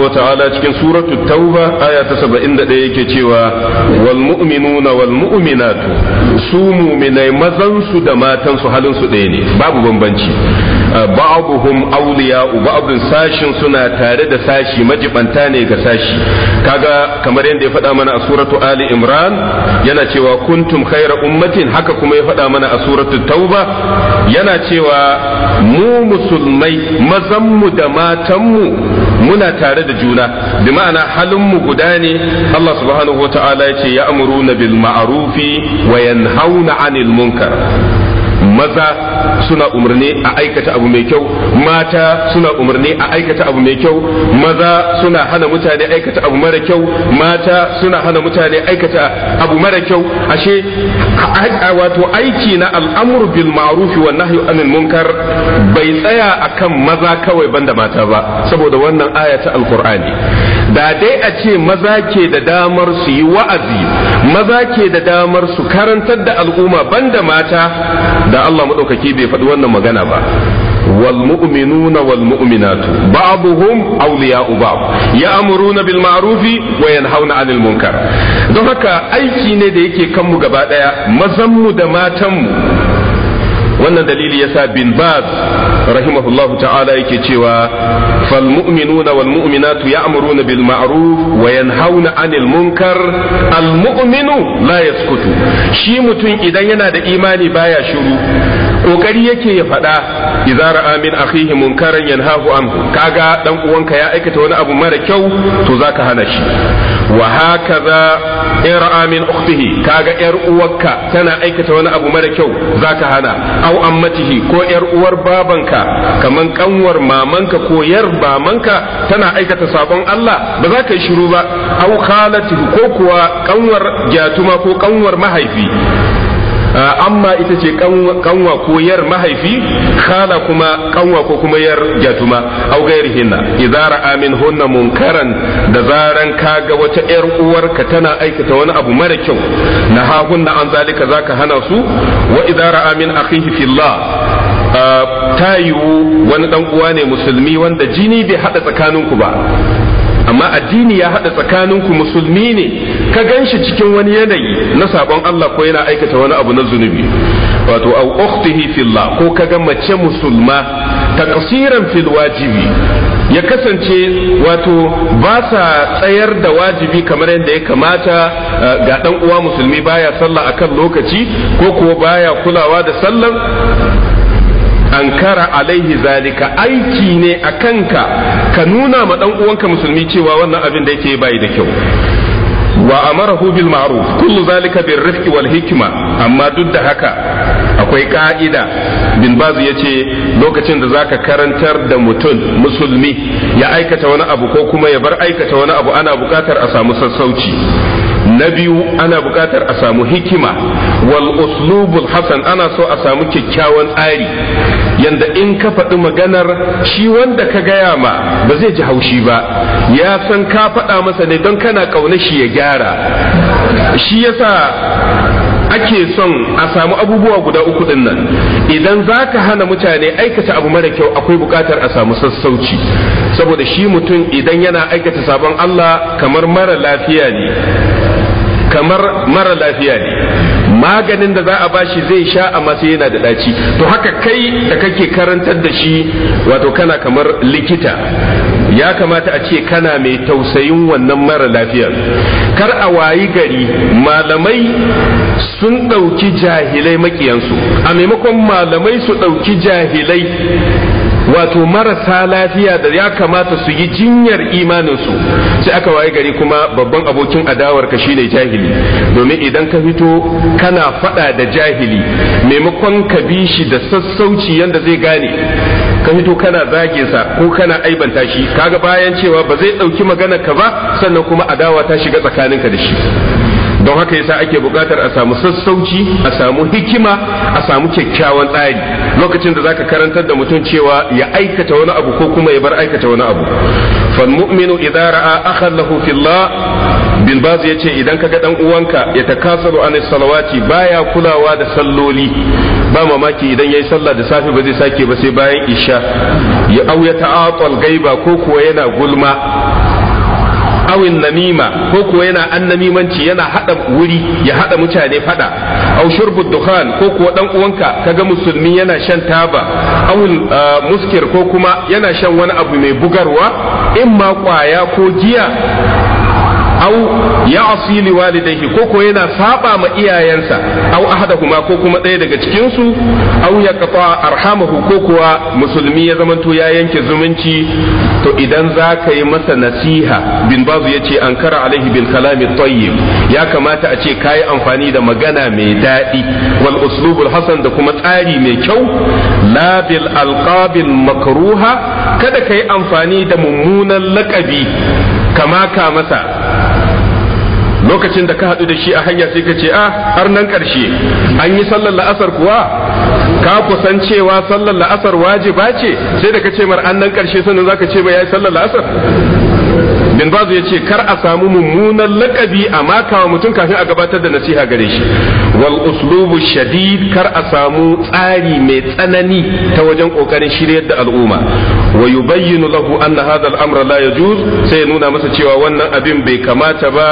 wa ta'ala ta'ala cikin suratu tauba aya ta ɗaya yake cewa walmu'minu na wal mu'minatu su mu'minai mazansu da matansu halinsu ɗaya ne babu bambanci ba'abuhum awliya'u ba'abun sashin suna tare da sashi majibanta ne ga sashi kaga kamar yadda ya faɗa mana a suratu ali imran yana cewa kuntum khaira ummatin haka kuma ya faɗa mana a suratu tauba yana cewa mu musulmai mazanmu da matanmu muna tare da juna juna bi ma'ana halin mu guda ne Allah subhanahu wataala ya amuruna bil ma'arufi wa yanhauna 'anil munkar maza suna umarni a aikata abu mai kyau mata suna umarni a aikata abu mai kyau maza suna hana mutane aikata abu mara kyau mata suna hana mutane aikata abu mara kyau ashe wato aiki na al'amru bil ma'ruf wa nahyi anil munkar bai tsaya akan maza kawai banda mata ba saboda wannan aya ta alqur'ani da dai a ce maza ke da damar su yi wa'azi maza ke da damar su karantar da al'umma banda mata da Allah maɗaukaki bai faɗi wannan magana ba والمؤمنون والمؤمنات بعضهم أولياء بعض يأمرون بالمعروف وينهون عن munkar don haka aiki ne da yake kanmu gaba ɗaya mazanmu da matanmu wannan dalili yasa bin baz rahimahullahu ta'ala yake cewa fal mu'minuna wal mu'minatu ya'muruna bil ma'ruf wa yanhauna 'anil munkar al mu'minu la yaskutu shi mutum idan yana da imani baya shiru kokari yake ya faɗa idza ra'a min akhihi munkaran yanhahu am kaga dan uwanka ya aikata wani abu mara kyau to zaka hana shi wa hakaza in min ukhtihi kaga yar uwarka tana aikata wani abu mara kyau zaka hana aw ammatihi ko yar uwar babanka kaman kanwar mamanka ko yar bamanka tana aikata sabon Allah ba za ka yi shiru ba aw khalatihi ko kuwa kanwar jatuma ko kanwar mahaifi amma ita ce kanwa ko yar mahaifi khala kuma kanwa ko kuma yar jatuma au hinna idara amin hunna munkaran da zaran kaga wata yar uwarka tana aikata wani abu mara kyau na hahunna an zalika zaka hana su wa idara amin akhihi fillah ta yiwu wani dan uwa ne musulmi wanda jini bai hada tsakaninku ba amma addini ya haɗa ku musulmi ne ka ganshi cikin wani yanayi na sabon Allah ko yana aikata wani abu na zunubi wato au ukhtihi fillah ko ka ga mace musulma taqsiran fil wajibi ya kasance wato ba sa tsayar da wajibi kamar yadda ya kamata eh, ga dan uwa musulmi baya sallah akan lokaci ko kuwa baya kulawa da sallan ankara alaihi zalika aiki ne a kanka ka nuna ma dan uwanka musulmi cewa wannan abin da yake bai da kyau wa amarahu bil ma'ruf kullu zalika bir rifqi wal hikma amma duk da haka akwai ka'ida bin baz yace lokacin da zaka karantar da mutum musulmi ya aikata wani abu ko kuma ya bar aikata wani abu ana bukatar a samu sassauci na biyu ana buƙatar a samu hikima wal uslubul hasan ana so a samu kyakkyawan tsari yanda in ka faɗi maganar shi wanda ka gaya ma ba zai ji haushi ba ya san ka faɗa masa ne don kana ƙauna shi ya gyara shi yasa ake son a samu abubuwa guda uku din nan idan za ka hana mutane aikata abu mara kyau akwai bukatar a samu sassauci saboda shi mutum idan yana aikata sabon Allah kamar mara lafiya ne kamar mara lafiya ne maganin da za a ba shi zai sha a masu yana da daci to haka kai da kake karantar da shi wato kana kamar likita ya kamata a ce kana mai tausayin wannan mara lafiyar kar a wayi gari malamai sun ɗauki jahilai makiyansu a maimakon malamai su ɗauki jahilai wato marasa lafiya da ya kamata su yi jinyar imaninsu sai aka waye gari kuma babban abokin adawar ka shine jahili domin idan ka fito kana fada da jahili maimakon ka bi shi da sassauci yanda zai gane ka fito kana zage sa ko kana aibanta shi kaga bayan cewa ba zai dauki magana ka ba sannan kuma adawa ta shiga tsakaninka da shi don haka yasa ake bukatar a samu sassauci a samu hikima a samu kyakkyawan tsari lokacin da zaka karantar da mutum cewa ya aikata wani abu ko kuma ya bar aikata wani abu fal mu'minu idza ra'a akhan lahu fillah bin baz yace idan kaga dan uwanka ya takasaru an salawati baya kulawa da salloli ba mamaki idan yayi sallah da safe ba zai sake ba sai bayan isha ya au ya ta'atal gaiba ko kuwa yana gulma awin namima ko kuwa yana annamimanci yana hada wuri ya hada mutane fada aw shurbu dukhan ko kuwa dan uwanka kaga musulmi yana shan taba aw ah, muskir ko kuma yana shan wani abu mai bugarwa imma kwaya ko jiya. ya aw ya'si liwalidayhi ko ko yana saba ma iyayensa aw ahadahuma ko kuma ɗaya daga cikinsu au ya yaqta arhamahu ko kuwa musulmi ya zamanto ya yanke zumunci to idan za ka yi masa nasiha bin bazu ya ce an kara alaihi bin kalami tayyib ya kamata a ce kayi amfani da magana mai daɗi wal uslubul Hassan da kuma tsari mai kyau labil bil alqabil makruha kada ka yi amfani da mummunan lakabi. ka masa lokacin da ka haɗu da shi a hanya sai ka ce a ah, har nan ƙarshe an yi sallar la'asar kuwa ka kusan cewa sallar la'asar wajiba ce sai da ka ce mar an nan ƙarshe sannan za ka ce ba ya yi sallar la'asar bin ya ce kar a samu mummunan lakabi a makawa mutum kafin a gabatar da nasiha gare shi wal uslubu shadid kar a samu tsari mai tsanani ta wajen kokarin shiryar da al'umma wa yubayyinu lahu anna hadha al-amra la yajuz sai ya nuna masa cewa wannan abin bai kamata ba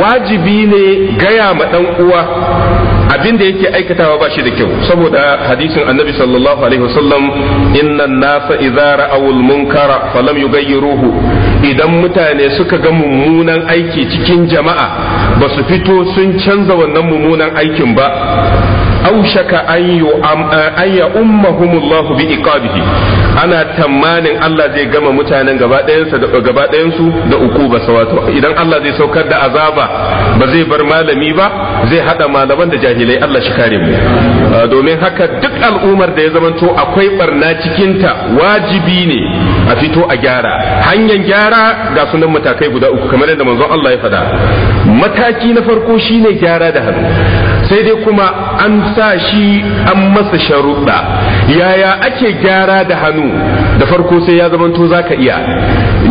wajibi ne gaya ma dan uwa abin da yake aikatawa ba shi da kyau saboda hadisin annabi sallallahu alaihi wasallam innan nasa idza ra'awul munkara falam yughayyiruhu idan mutane suka ga mummunan aiki cikin jama'a ba su fito sun canza wannan mummunan aikin ba aushaka anya umma ummahumullahu bi iqabihi ana tamanin Allah zai gama mutanen gaba ɗayansu da uku ba wato idan Allah zai saukar da azaba ba zai bar malami ba zai haɗa malaman da jahilai Allah shi kare mu domin haka duk al'ummar da ya zamanto akwai barna cikinta wajibi ne a fito a gyara hanyan gyara ga sunan matakai guda uku kamar da manzon Allah ya faɗa mataki na farko shine gyara da hannu sai dai kuma an sa shi an masa sharuɗa yaya ake gyara da hannu da farko sai ya zamanto ka iya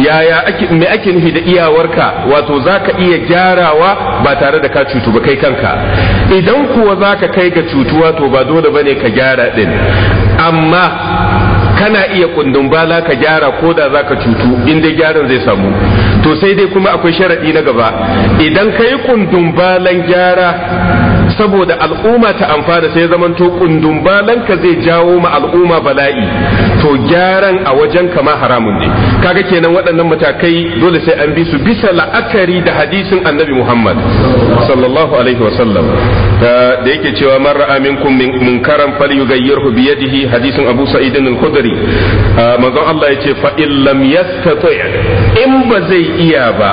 yaya ake me ake nufi da iyawarka wato za ka iya gyarawa ba tare da ka cutu ba kai kanka idan kuwa za ka kai ga cutuwa to ba dole ba ne ka gyara ɗin amma kana iya kundin bala ka gyara ko da za ka cutu in dai gyaran zai samu to sai dai kuma akwai sharaɗi na gaba idan kai kundin balan gyara saboda al'umma ta amfana sai zamanto kundun zai jawo ma al'umma bala'i to gyaran a wajen kama haramun ne kaga kenan waɗannan matakai dole sai an bi su bisa la'akari da hadisin annabi Muhammad sallallahu alaihi wa sallam da yake cewa man ra'a minkum munkaran falyughayyirhu bi yadihi hadisin Abu Sa'id al-Khudri ah, manzo Allah yace fa in lam yastati in ba zai iya ba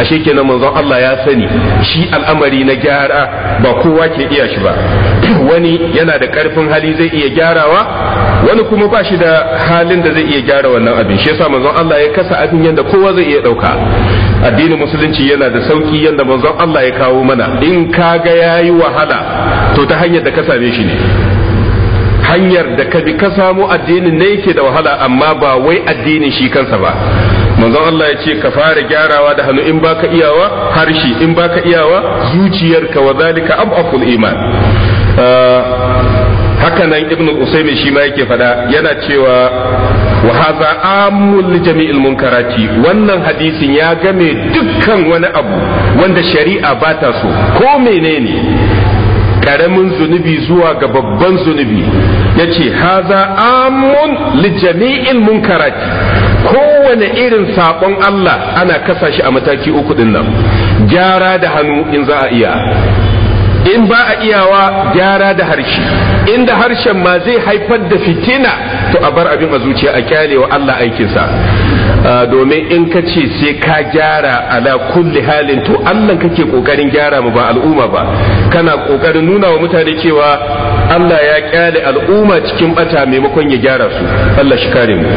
ashe kenan manzon Allah ya sani shi al'amari na gyara ba kowa ke iya shi ba wani yana da karfin hali zai iya gyarawa wani kuma ba shi da halin da zai iya gyara wannan abin shi yasa manzon Allah ya kasa abin yanda kowa zai iya dauka addinin musulunci yana da sauki yanda manzon Allah ya kawo mana in ka ga yayi wahala to ta hanyar da ka same shi ne hanyar da ka bi ka samu addinin ne yake da wahala amma ba wai addinin shi kansa ba manzon Allah ya ce ka fara gyarawa da hannu in baka iyawa harshe in baka iyawa zuciyarka wa zalika abu iman ah, haka nan ibnu usaimi shi ma yake fada yana cewa wa hadha amul jami'il munkarati wannan hadisin ya game dukkan wani abu wanda shari'a ba ta so ko menene karamin zunubi zuwa ga babban zunubi yace hadha amun li jami'il munkarati kowane irin saƙon Allah ana kasa shi a mataki uku din nan gyara da hannu in za a iya in ba a iyawa gyara da harshe inda harshen ma zai haifar da fitina to a bar abin a zuciya a kyale wa Allah aikinsa ah, domin in ka ce sai ka gyara ala kulli halin to Allah kake kokarin gyara mu ba al'umma ba kana kokarin nuna wa mutane cewa Allah ya kyale al'umma cikin bata maimakon ya gyara su Allah shi kare mu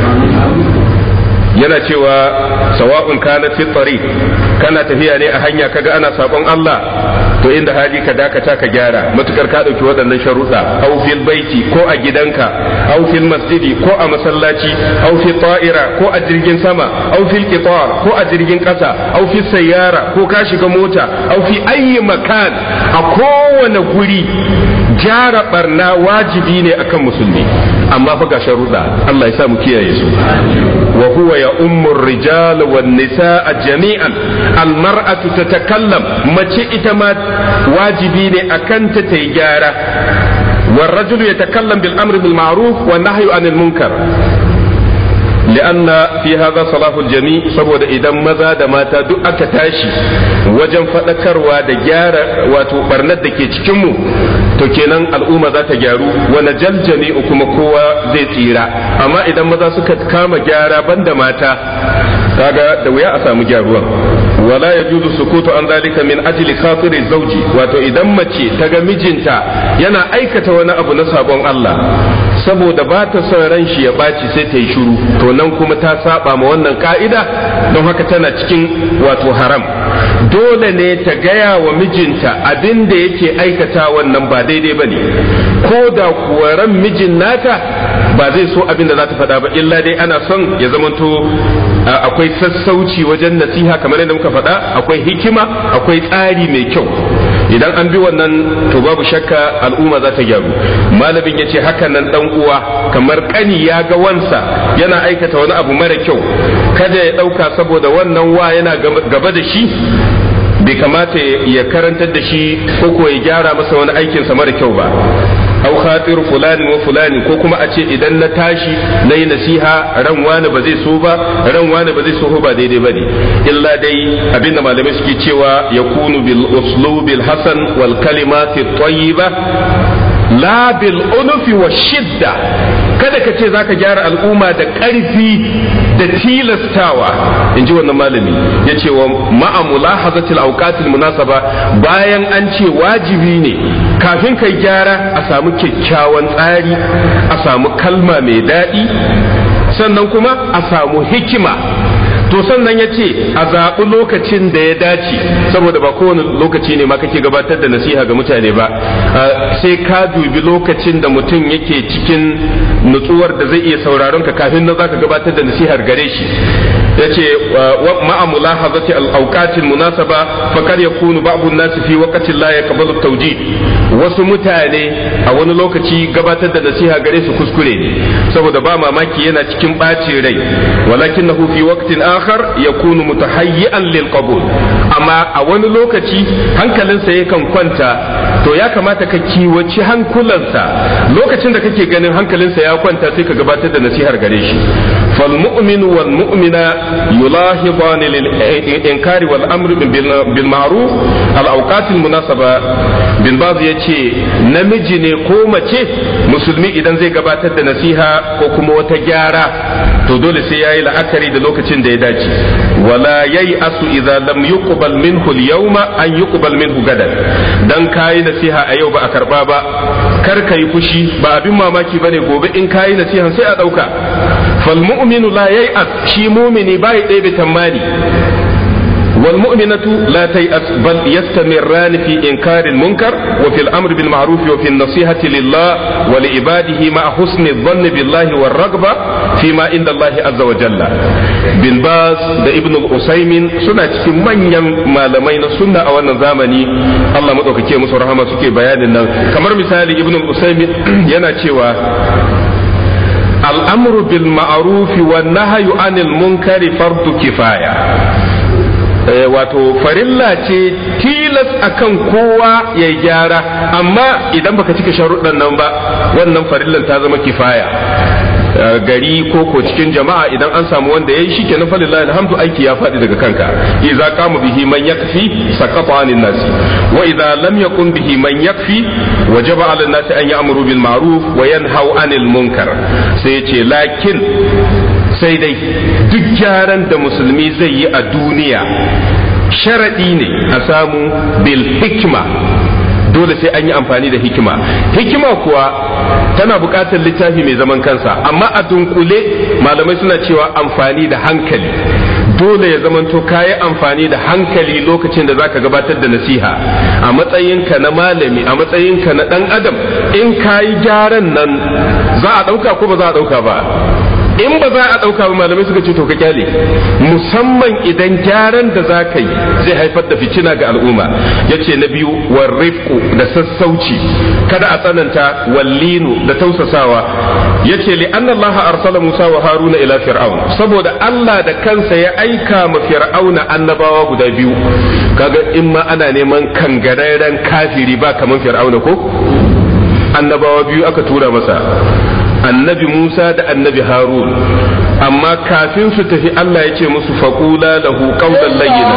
yana cewa sawa'un kana fi tsari kana tafiya ne a hanya kaga ana sabon Allah to inda haji ka dakata ka gyara matukar ka dauki waɗannan sharuɗa aw fil baiti ko a gidanka aw fil masjidi ko a masallaci aw fi ta'ira ko a jirgin sama aw fil qitar ko a jirgin ƙasa aw fi sayyara ko ka shiga mota aw fi ayyi makan a kowane guri gyara barna wajibi ne akan musulmi amma fa ga sharuɗa Allah ya sa mu kiyaye su wa huwa ya ummur rijal wan nisaa jami'an al mar'atu tatakallam mace ita ma wajibi ne akan ta ta gyara amri bil بالامر wa nahyu anil munkar li'anna fi hadha salahul jami saboda idan maza da mata duk aka tashi wajen fadakarwa da gyara wato barnar da ke cikin mu to kenan al'umma za ta gyaru wani jaljami kuma kowa zai tsira amma idan maza suka kama gyara banda mata kaga da wuya a samu gyaruwan wala ya juzu sukutu an zalika min ajli khatiri zauji wato idan mace ta ga mijinta yana aikata wani abu na sabon Allah saboda ba ta son ran shi ya baci sai ta yi shiru to nan kuma ta saba ma wannan ka'ida don haka tana cikin wato haram dole ne ta gaya wa mijinta abin da yake aikata wannan ba daidai ba ne ko da kuwa ran mijin nata ba zai so abin da za ta faɗa ba illa dai ana son ya zamanto akwai sassauci wajen nasiha kamar yadda muka faɗa akwai hikima akwai tsari mai kyau idan an bi wannan to babu shakka al'umma za ta gyaru malamin ya ce hakan nan dan uwa kamar kani ya ga wansa yana aikata wani abu mara kyau kada ya dauka saboda wannan wa yana gaba da shi bai kamata ya karantar da shi ko ko ya gyara masa wani aikinsa mara kyau ba au khatir fulani wa fulani ko kuma a ce idan na tashi na yi nasiha ran wani ba zai so ba ran wani ba zai so ba daidai ba ne illa dai abinda malamai suke cewa ya kunu bil uslubil hasan wal kalimati tayyiba la bil unfi wa shidda kada ka ce za ka gyara al'umma da ƙarfi da tilastawa in ji wannan malami ya ce wa ma'amula hazatil auqatil munasaba bayan an ce wajibi ne kafin kai gyara a samu kyakkyawan tsari a samu kalma mai daɗi sannan kuma a samu hikima to sannan ya ce a zaɓi lokacin da ya dace saboda ba kowane lokaci ne ma kake gabatar da nasiha ga mutane ba sai ka dubi lokacin da mutum yake cikin nutsuwar da zai iya sauraron ka kafin nan ka gabatar da nasihar gare shi yace ma'a mulahazati al-awqatil munasaba fakar yakunu ba'dun nas fi waqtin la yaqbalu tawjid wasu mutane a wani lokaci gabatar da nasiha gare su kuskure ne saboda ba mamaki yana cikin bacin rai walakinahu fi waqtin akhar yakunu mutahayyi'an lil qabul amma a wani lokaci hankalinsa yakan kwanta to ya kamata ka kiwaci hankulansa lokacin da kake ganin hankalinsa ya kwanta sai ka gabatar da nasihar gare shi فالمؤمن والمؤمنة يلاحظان للإنكار والأمر بالمعروف الأوقات المناسبة bin bazu ya ce namiji ne ko mace musulmi idan zai gabatar da nasiha ko kuma wata gyara to dole sai ya yi la'akari da lokacin da ya dace Walayai yayi asu idza lam yuqbal minhu al-yawma an yuqbal minhu gadan dan kai nasiha a yau ba a karɓa ba kar kai fushi ba abin mamaki ba ne gobe in kai nasiha sai a ɗauka. fal mu'minu la yai'at shi mumini bai ɗebe tammani wal mu'minatu la tai'at bal yastamirran fi inkaril munkar wa fil amri bil ma'ruf wa fil nasihati lillah wa li ibadihi ma husni dhanni billahi war ragba fi ma inda Allah azza wa bin bas da ibn usaymin suna cikin manyan malamai na sunna a wannan zamani Allah madaukake musu rahama suke bayanin nan kamar misali ibn usaymin yana cewa al'amru bil ma'arufi wa nahyu anil munkari kifaya wato farilla ce tilas akan kowa ya gyara amma idan baka cika sharuɗan nan ba wannan farillan ta zama kifaya gari ko ko cikin jama'a idan an samu wanda yayi shi kenan falillahi alhamdu aiki ya faɗi daga kanka idza qama bihi man yakfi saqata anin nas wa idza lam yakun bihi man yakfi wajaba ala nas an ya'muru bil ma'ruf wa yanhau anil munkar sai yace lakin sai dai duk gyaran da musulmi zai yi a duniya sharaɗi ne a samu bil hikma dole sai an yi amfani da hikima hikima kuwa tana buƙatar littafi mai zaman kansa amma a dunkule malamai suna cewa amfani da hankali dole ya zamanto kayi amfani da hankali lokacin da zaka gabatar da nasiha a matsayinka na malami a matsayinka na ɗan adam in kayi gyaran nan za a ɗauka ko ba za a ɗauka ba in ba za a ɗauka ba malamai suka ce to ka kyale musamman idan gyaran da za ka yi zai haifar da fitina ga al'umma ya ce na biyu Rifku da sassauci kada a tsananta wallinu da tausasawa ya ce li'an Allah arsala Musa wa Haruna ila fir'aun saboda Allah da kansa ya aika ma fir'auna annabawa guda biyu kaga in ma ana neman kangararren kafiri ba kamar fir'auna ko annabawa biyu aka tura masa annabi Musa da annabi Harun amma kafin su tafi Allah ya ce musu faƙula lahu qawlan layyina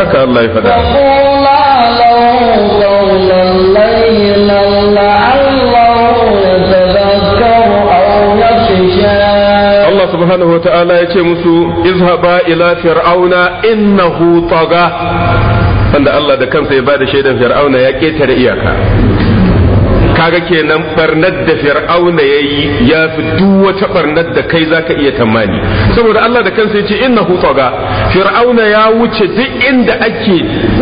haka Allah ya faɗa ta'ala ya ce musu izhaba ila fir'auna innahu taga wanda Allah da kansa ya bada shaidan fir'auna ya ketare iyaka kaga kenan barnar da fir'auna ya yi ya fi duk wata barnar da kai zaka iya tamani saboda Allah da kansa ya ce na taga fir'auna ya wuce duk inda ake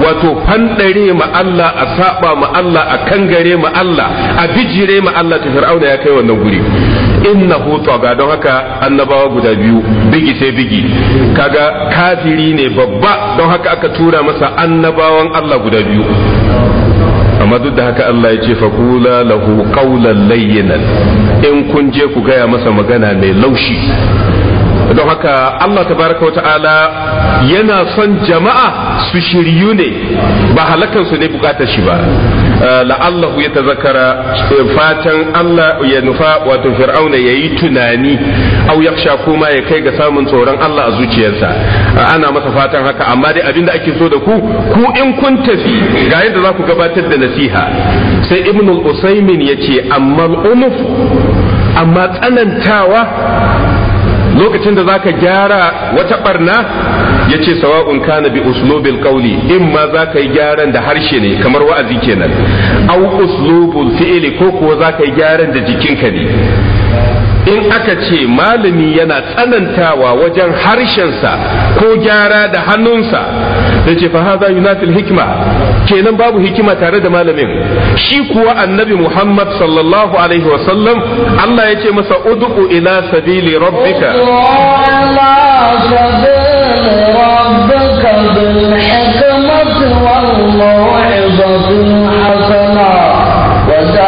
wato fandare ma Allah a saba ma Allah a kangare ma Allah a bijire ma Allah ta fir'auna ya kai wannan guri hu taga don haka annabawa guda biyu bigi sai bigi kaga kafiri ne babba don haka aka tura masa annabawan Allah guda biyu amma duk da haka Allah ya ce faqula lahu qawlan layyinan in kun je ku gaya masa magana mai laushi don haka Allah ta wa ta'ala yana son jama'a su shiryu ne ba halakan su ne bukatar shi ba eh, la'allahu ya tazakara eh, fatan Allah ya nufa wato fir'auna yayi tunani au yaksha kuma ya kai ga samun tsoron Allah a zuciyarsa eh, ana masa fatan haka amma dai abinda ake so da ku ku in kun tafi ga yadda za ku gabatar da nasiha sai ibnul usaimin yace amma al-umuf amma tsanantawa lokacin da zaka gyara wata barna yace sawa'un kana bi uslubil qawli in ma zaka yi gyaran da harshe ne kamar wa'azi kenan aw uslubul fi'li ko kuwa zaka yi gyaran da jikinka ne in aka ce malami yana tsanantawa wajen harshensa ko gyara da hannunsa da ce fa haza yunatil hikma kenan babu hikima tare da malamin shi kuwa annabi Muhammad sallallahu alaihi wasallam Allah ya ce masa ud'u ila sabili rabbika بالحكمة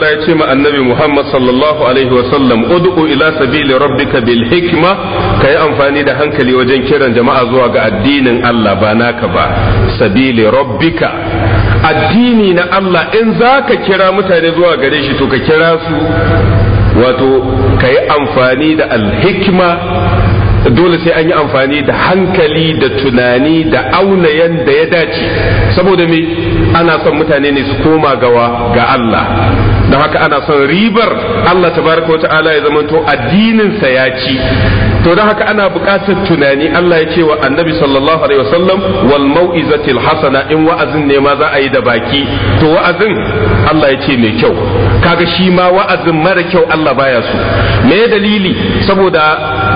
ta'ala ya ce ma annabi Muhammad sallallahu alaihi wasallam ud'u ila sabili rabbika bil hikma kai amfani da hankali wajen kiran jama'a zuwa ga addinin Allah ba naka ba sabili rabbika addini na Allah in zaka kira mutane zuwa gare shi to ka kira su wato kai amfani da al hikma dole sai an yi amfani da hankali da tunani da auna yanda ya dace saboda me ana son mutane ne su koma gawa ga Allah don haka ana son ribar Allah tabaraka wa ta'ala ya zama to addinin sa ya ci to don haka ana buƙatar tunani Allah ya ce wa annabi sallallahu alaihi wasallam wal mau'izatil hasana in wa'azin ne ma za a yi da baki to wa'azin Allah ya ce mai kyau kaga shi ma wa'azin mara kyau Allah baya su. me dalili saboda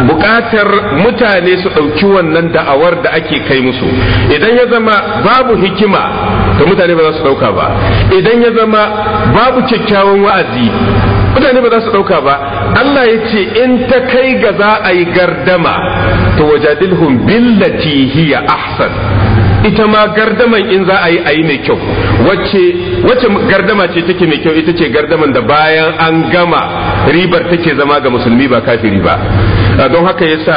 buƙatar mutane su ɗauki wannan da'awar da ake kai musu idan ya zama babu hikima to mutane ba za su dauka ba idan ya zama babu kyakkyawan wa'azi mutane ba za su dauka ba Allah ya ce in ta kai ga za a yi gardama to wajadilhum billati hiya ahsan ita ma gardaman in za a yi a yi mai kyau wacce wacce gardama ce take mai kyau ita ce gardaman da bayan an gama ribar take zama ga musulmi ba kafiri ba don haka yasa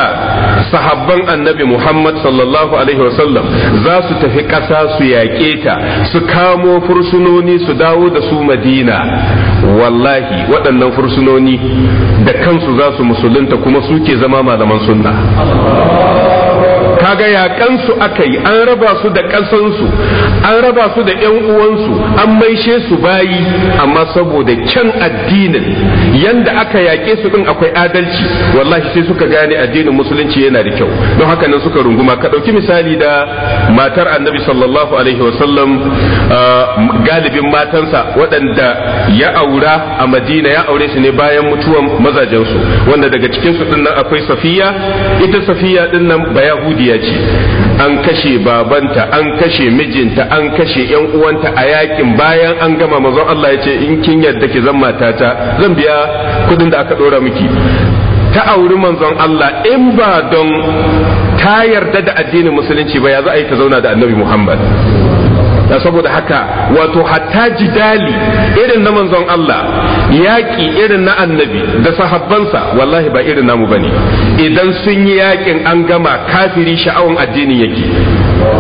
sahabban annabi Muhammad sallallahu alaihi wasallam za su tafi ƙasa su yaƙe ta su kamo fursunoni su dawo da su Madina wallahi waɗannan fursunoni da kansu za su musulunta kuma suke zama malaman sunna kaga ya kansu aka yi an raba su da ƙasansu an raba su da ƴan uwansu an maishe su bayi amma saboda kyan addinin yanda aka yaƙe su din akwai adalci wallahi sai suka gane addinin musulunci yana da kyau don haka nan suka runguma ka ɗauki misali da matar annabi sallallahu alaihi wasallam ah, galibin matansa waɗanda ya aura a madina ya aure su ne bayan mutuwan mazajensu wanda daga cikinsu din nan akwai safiya ita safiya din nan ba yahudiya makiya an kashe babanta an kashe mijinta an kashe yan uwanta a yakin bayan an gama manzon Allah ya ce in kin yadda ke zan matata zan biya kudin da aka dora miki ta auri manzon Allah in ba don ta yarda da addinin musulunci ba ya za a yi ta zauna da annabi Muhammad da saboda haka wato hatta jidali irin na manzon Allah yaƙi irin na annabi da sahabbansa wallahi ba irin namu bane idan sun yi yaƙin an gama kafiri sha'awun addinin yake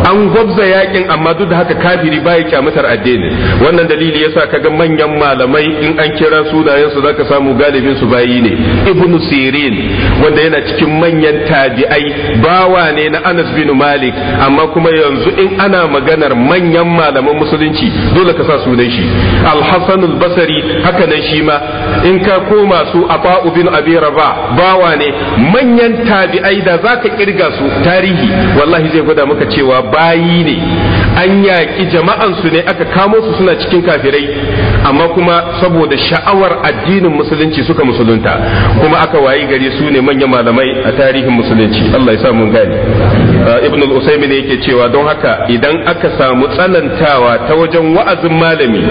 an gwabza yakin amma duk da haka kafiri baya kyamatar addini wannan dalili yasa kaga manyan malamai in an kira sunayen su zaka samu galibin su bayi ne ibnu sirin wanda yana cikin manyan tabi'ai bawa ne na Anas bin Malik amma kuma yanzu in ana maganar manyan malaman musulunci dole ka sa sunan shi al-hasan al-basri haka nan shi ma in ka koma su afa bin abi raba bawa ne manyan tabi'ai da zaka kirga su tarihi wallahi zai gwada maka cewa bayi ne an yaƙi jama'ansu ne aka kamo su suna cikin kafirai amma kuma saboda sha'awar addinin musulunci suka musulunta kuma aka wayi gari su ne manyan malamai a tarihin musulunci Allah ya sa mun gane ah, ibn al-usaymi ne yake cewa don haka idan aka samu tsanantawa ta wajen wa'azin malami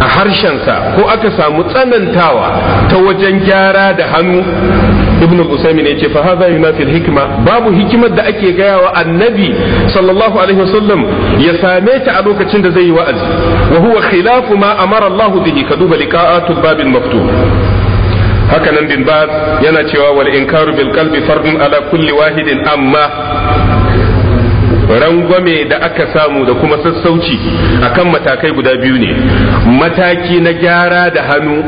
a harshensa ko aka samu tsanantawa ta wajen gyara da hannu ibn ya ce fa hadha yunafi hikma babu hikimar da ake gaya wa annabi sallallahu alaihi wasallam ya same ta a lokacin da zai yi wa'azi wa huwa khilafu ma amara Allah bihi ka duba liqa'atul babil maftun haka nan bin baz yana cewa wal inkaru bil qalbi fardun ala kulli wahidin amma rangwame da aka samu da kuma sassauci akan matakai guda biyu ne mataki na gyara da hannu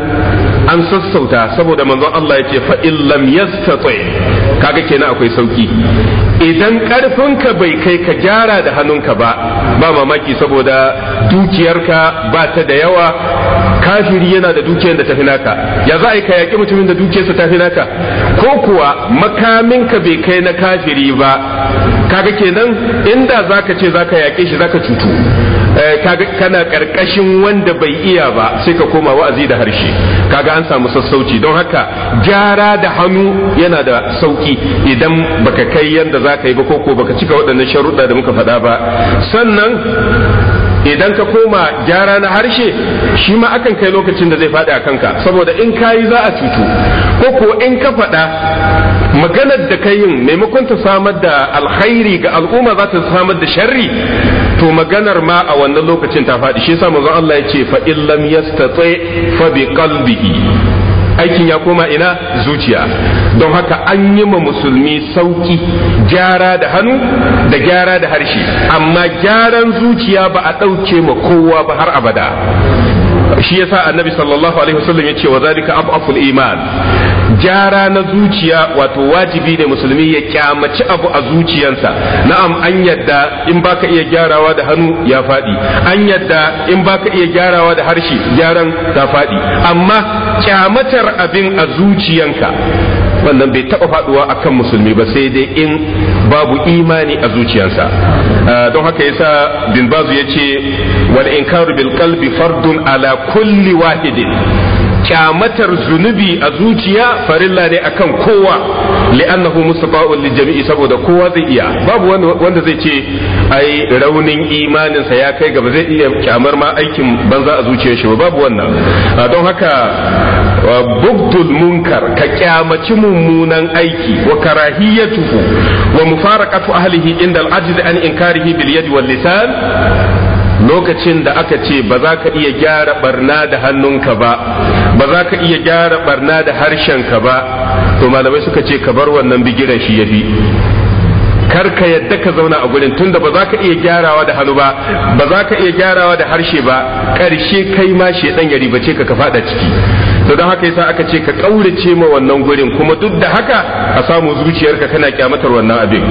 an sassauta saboda manzon Allah ya ce fa illam yastati kaga kenan akwai sauki idan karfinka bai kai ka gyara da hannunka ba ba mamaki saboda dukiyarka ba ta da yawa kafiri yana da dukiyar da tafi naka ya za a yi ka yaƙi mutumin da dukiyarsa tafi naka ko kuwa makaminka bai kai na kafiri ba kaga kenan inda zaka ce zaka yaƙe shi zaka cutu Eh, kana karkashin wanda bai iya ba sai ka koma wa'azi da harshe kaga an samu sassauci don haka gyara da hannu yana da sauki idan baka kai yanda za ka yi ba ko baka cika waɗannan sharuɗa da muka faɗa ba sannan idan ka koma gyara na harshe shi ma akan kai lokacin da zai faɗi a kanka saboda in ka yi za a cutu ko ko in ka faɗa maganar da kai yin maimakon ta samar da alkhairi ga al'umma za ta samar da sharri to maganar ma a wannan lokacin ta faɗi shi yasa manzon Allah ya ce fa illam yastati fa bi qalbihi aikin ya koma ina zuciya don haka an yi ma musulmi sauki gyara da hannu da gyara da harshe amma gyaran zuciya ba a ɗauke ma kowa ba har abada shi yasa annabi sallallahu alaihi wasallam yace wa zalika ab'aful iman gyara na zuciya wato wajibi ne musulmi ya kyamaci abu a zuciyansa na'am an yadda in baka iya gyarawa da hannu ya faɗi an yadda in baka iya gyarawa da harshe gyaran ta faɗi amma kyamatar abin a zuciyanka wannan bai taɓa faɗuwa a kan musulmi ba sai dai in babu imani a zuciyarsa ah, don haka yasa bin bazu ya ce wal inkaru bil kalbi fardun ala kulli wahidin kyamatar zunubi a zuciya farilla ne akan kowa li'annahu mustafa'un lijami'i saboda kowa zai iya babu wanda zai ce ai raunin imaninsa ya kai gaba zai iya kyamar ma aikin banza a zuciyar shi babu wannan don haka bugdul munkar ka kyamaci mummunan aiki wa karahiyatuhu wa mufaraqatu ahlihi inda al-ajz an inkarihi bil yadi wal lisan lokacin da aka ce ba za ka iya gyara barna da hannunka ba ba za ka iya gyara barna da harshenka ba to malamai suka ce ka bar wannan bigiran shi ya bi. kar ka yadda ka zauna a gurin tunda ba za ka iya gyarawa da hannu ba ba za ka iya gyarawa da harshe ba karshe kai ma shedan ya ribace ka ka fada ciki to don haka yasa aka ce ka kaurace ma wannan gurin kuma duk da haka a samu zuciyarka kana kyamatar wannan abin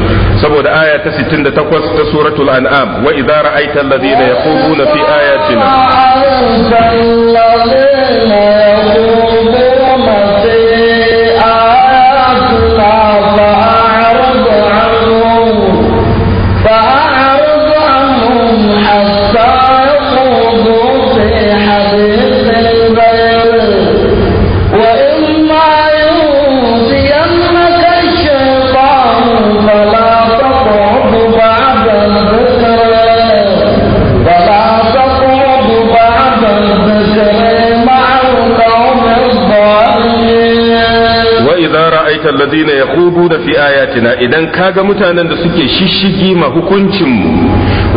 saboda aya ta 68 ta suratul an'am wa idza ra'aita alladhina yaquluna fi ayatina ayatina idan kaga mutanen da suke shishigi ma hukuncin mu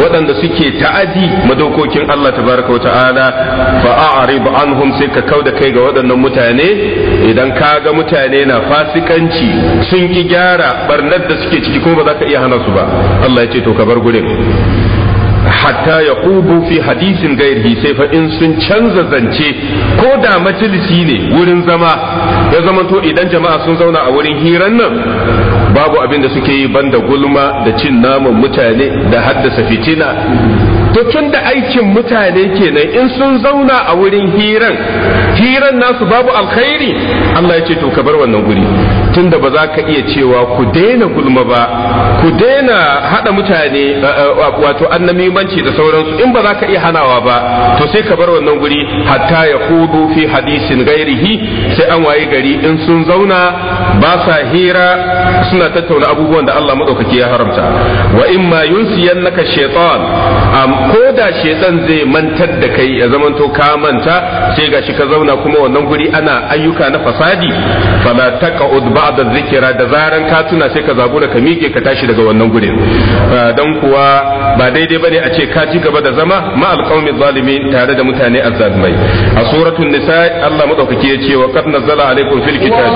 waɗanda suke ta'adi madokokin Allah tabaraka wa ta'ala fa a'rid anhum sai ka kauda kai ga waɗannan mutane idan kaga mutane na fasikanci sun ki gyara barnar da suke ciki kuma ba za ka iya hana su ba Allah ya ce to ka bar gurin hatta ya kubu fi hadisin gairi sai fa in sun canza zance ko da majalisi ne wurin zama ya zama to idan jama'a sun zauna a wurin hiran nan babu abin da suke yi banda gulma da cin naman mutane da haddasa fitina to tun da aikin mutane kenan in sun zauna a wurin hiran hiran nasu babu alkhairi Allah ya ce to ka bar wannan guri tunda ba za ka iya cewa ku daina gulma ba ku daina hada mutane wato annamimanci da sauransu in ba za ka iya hanawa ba to sai ka bar wannan guri hatta ya hudu fi hadisin gairihi sai an waye gari in sun zauna ba sa hira suna tattauna abubuwan da Allah madaukaki ya haramta wa in ma yunsiyannaka shaytan ko da shaytan zai mantar da kai ya zamanto ka manta sai gashi ka zauna kuma wannan guri ana ayyuka na fasadi fala taqud ba ba'da zikira da zaran ka tuna sai ka zabura ka mike ka tashi daga wannan gurin dan kuwa ba daidai bane a ce ka ci gaba da zama ma alqaumi zalimin tare da mutane azzalimai a suratul nisa Allah madaukaki ya ce wa qad nazzala alaikum fil kitab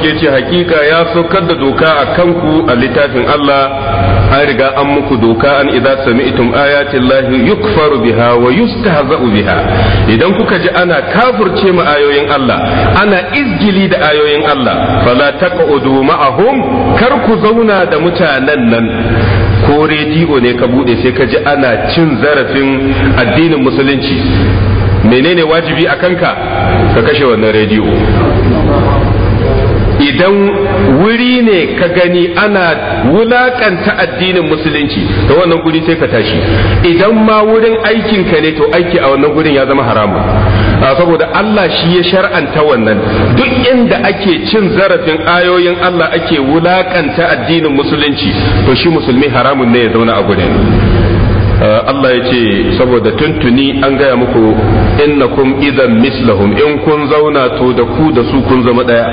madaukaki ce hakika ya saukar da doka a kanku a littafin Allah an riga an muku doka an idza sami'tum ayatin lahi yukfaru biha wa yustahza'u biha idan kuka ji ana kafirce mu ayoyin Allah ana izgili da ayoyin Allah fala taq'udu ma'ahum kar ku zauna da mutanen nan ko rediyo ne ka bude sai ka ji ana cin zarafin addinin musulunci menene wajibi a kanka ka kashe wannan rediyo idan wuri ne ka gani ana wulakanta addinin musulunci to wannan guri sai ka tashi idan ma wurin aikin ka ne to aiki a wannan gurin ya zama haramun saboda Allah shi ya shar'anta wannan duk inda ake cin zarafin ayoyin Allah ake wulakanta addinin musulunci to shi musulmi haramun ne ya zauna a gurin Allah ya ce saboda tuntuni an gaya muku innakum idan mislahum in kun zauna to da ku da su kun zama daya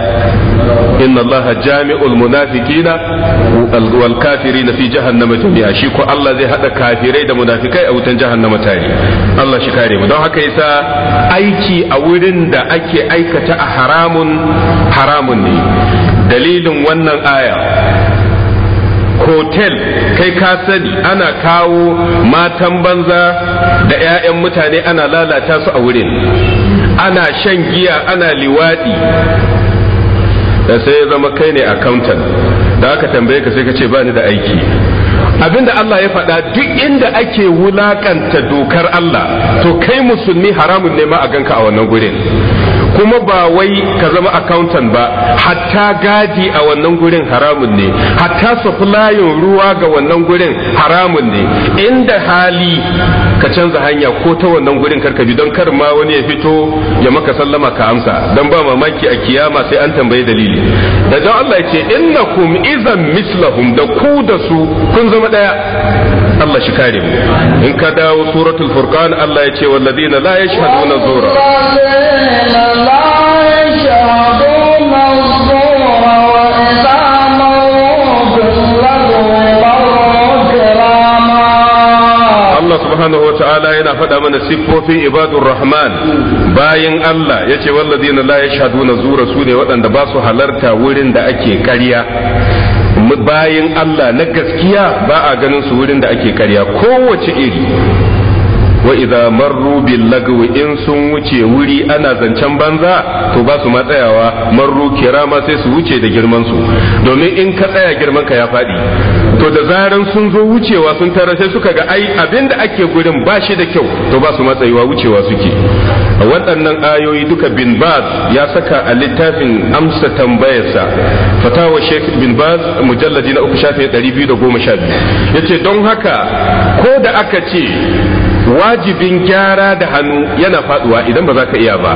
inna jami'ul munafikina wal kafirina fi jahannama jami'a shi ko Allah zai haɗa kafirai da munafikai a wutan jahannama tare Allah shi kare mu don haka yasa aiki a wurin da ake aikata a haramun haramun ne dalilin wannan aya hotel kai ka sani ana kawo matan banza da 'ya'yan mutane ana lalata su a wurin ana shan giya ana liwaɗi sai ya zama kai ne accountant da aka tambaye ka sai ka ce ba ni da aiki abinda Allah ya faɗa duk inda ake wulakanta dokar Allah to kai musulmi haramun ne ma a ganka a wannan gurin kuma ba wai ka zama akauntan ba hatta gadi a wannan gurin haramun ne hatta supplyin ruwa ga wannan gurin haramun ne inda hali ka canza hanya ko ta wannan gurin karka bi don kar ma wani ya fito ya maka sallama ka amsa don ba mamaki a kiyama sai an tambaye dalili da don Allah ya ce innakum izan mislahum da ku da su kun zama daya Allah shi kare mu in ka dawo suratul furqan Allah ya ce walladina la yashhaduna zura subhanahu wata'ala yana faɗa mana siffofin ibadur rahman bayan Allah ya ce wallazina la na zura su ne waɗanda ba su halarta wurin da ake karya. bayan Allah na gaskiya ba a ganin su wurin da ake karya kowace iri wa idza marru bil lagwi in sun wuce wuri ana zancen banza to ba su ma tsayawa marru kirama sai su wuce da girman su domin in ka tsaya girman ka ya fadi to da zaran sun zo wucewa sun tara sai suka ga ai abinda ake gurin ba shi da kyau to ba su ma wucewa suke waɗannan ayoyi duka bin baz ya saka a littafin amsa tambayarsa fatawa sheikh bin baz mujalladi na uku shafi 212 yace don haka ko da aka ce wajibin gyara da hannu yana faduwa idan ba za ka iya ba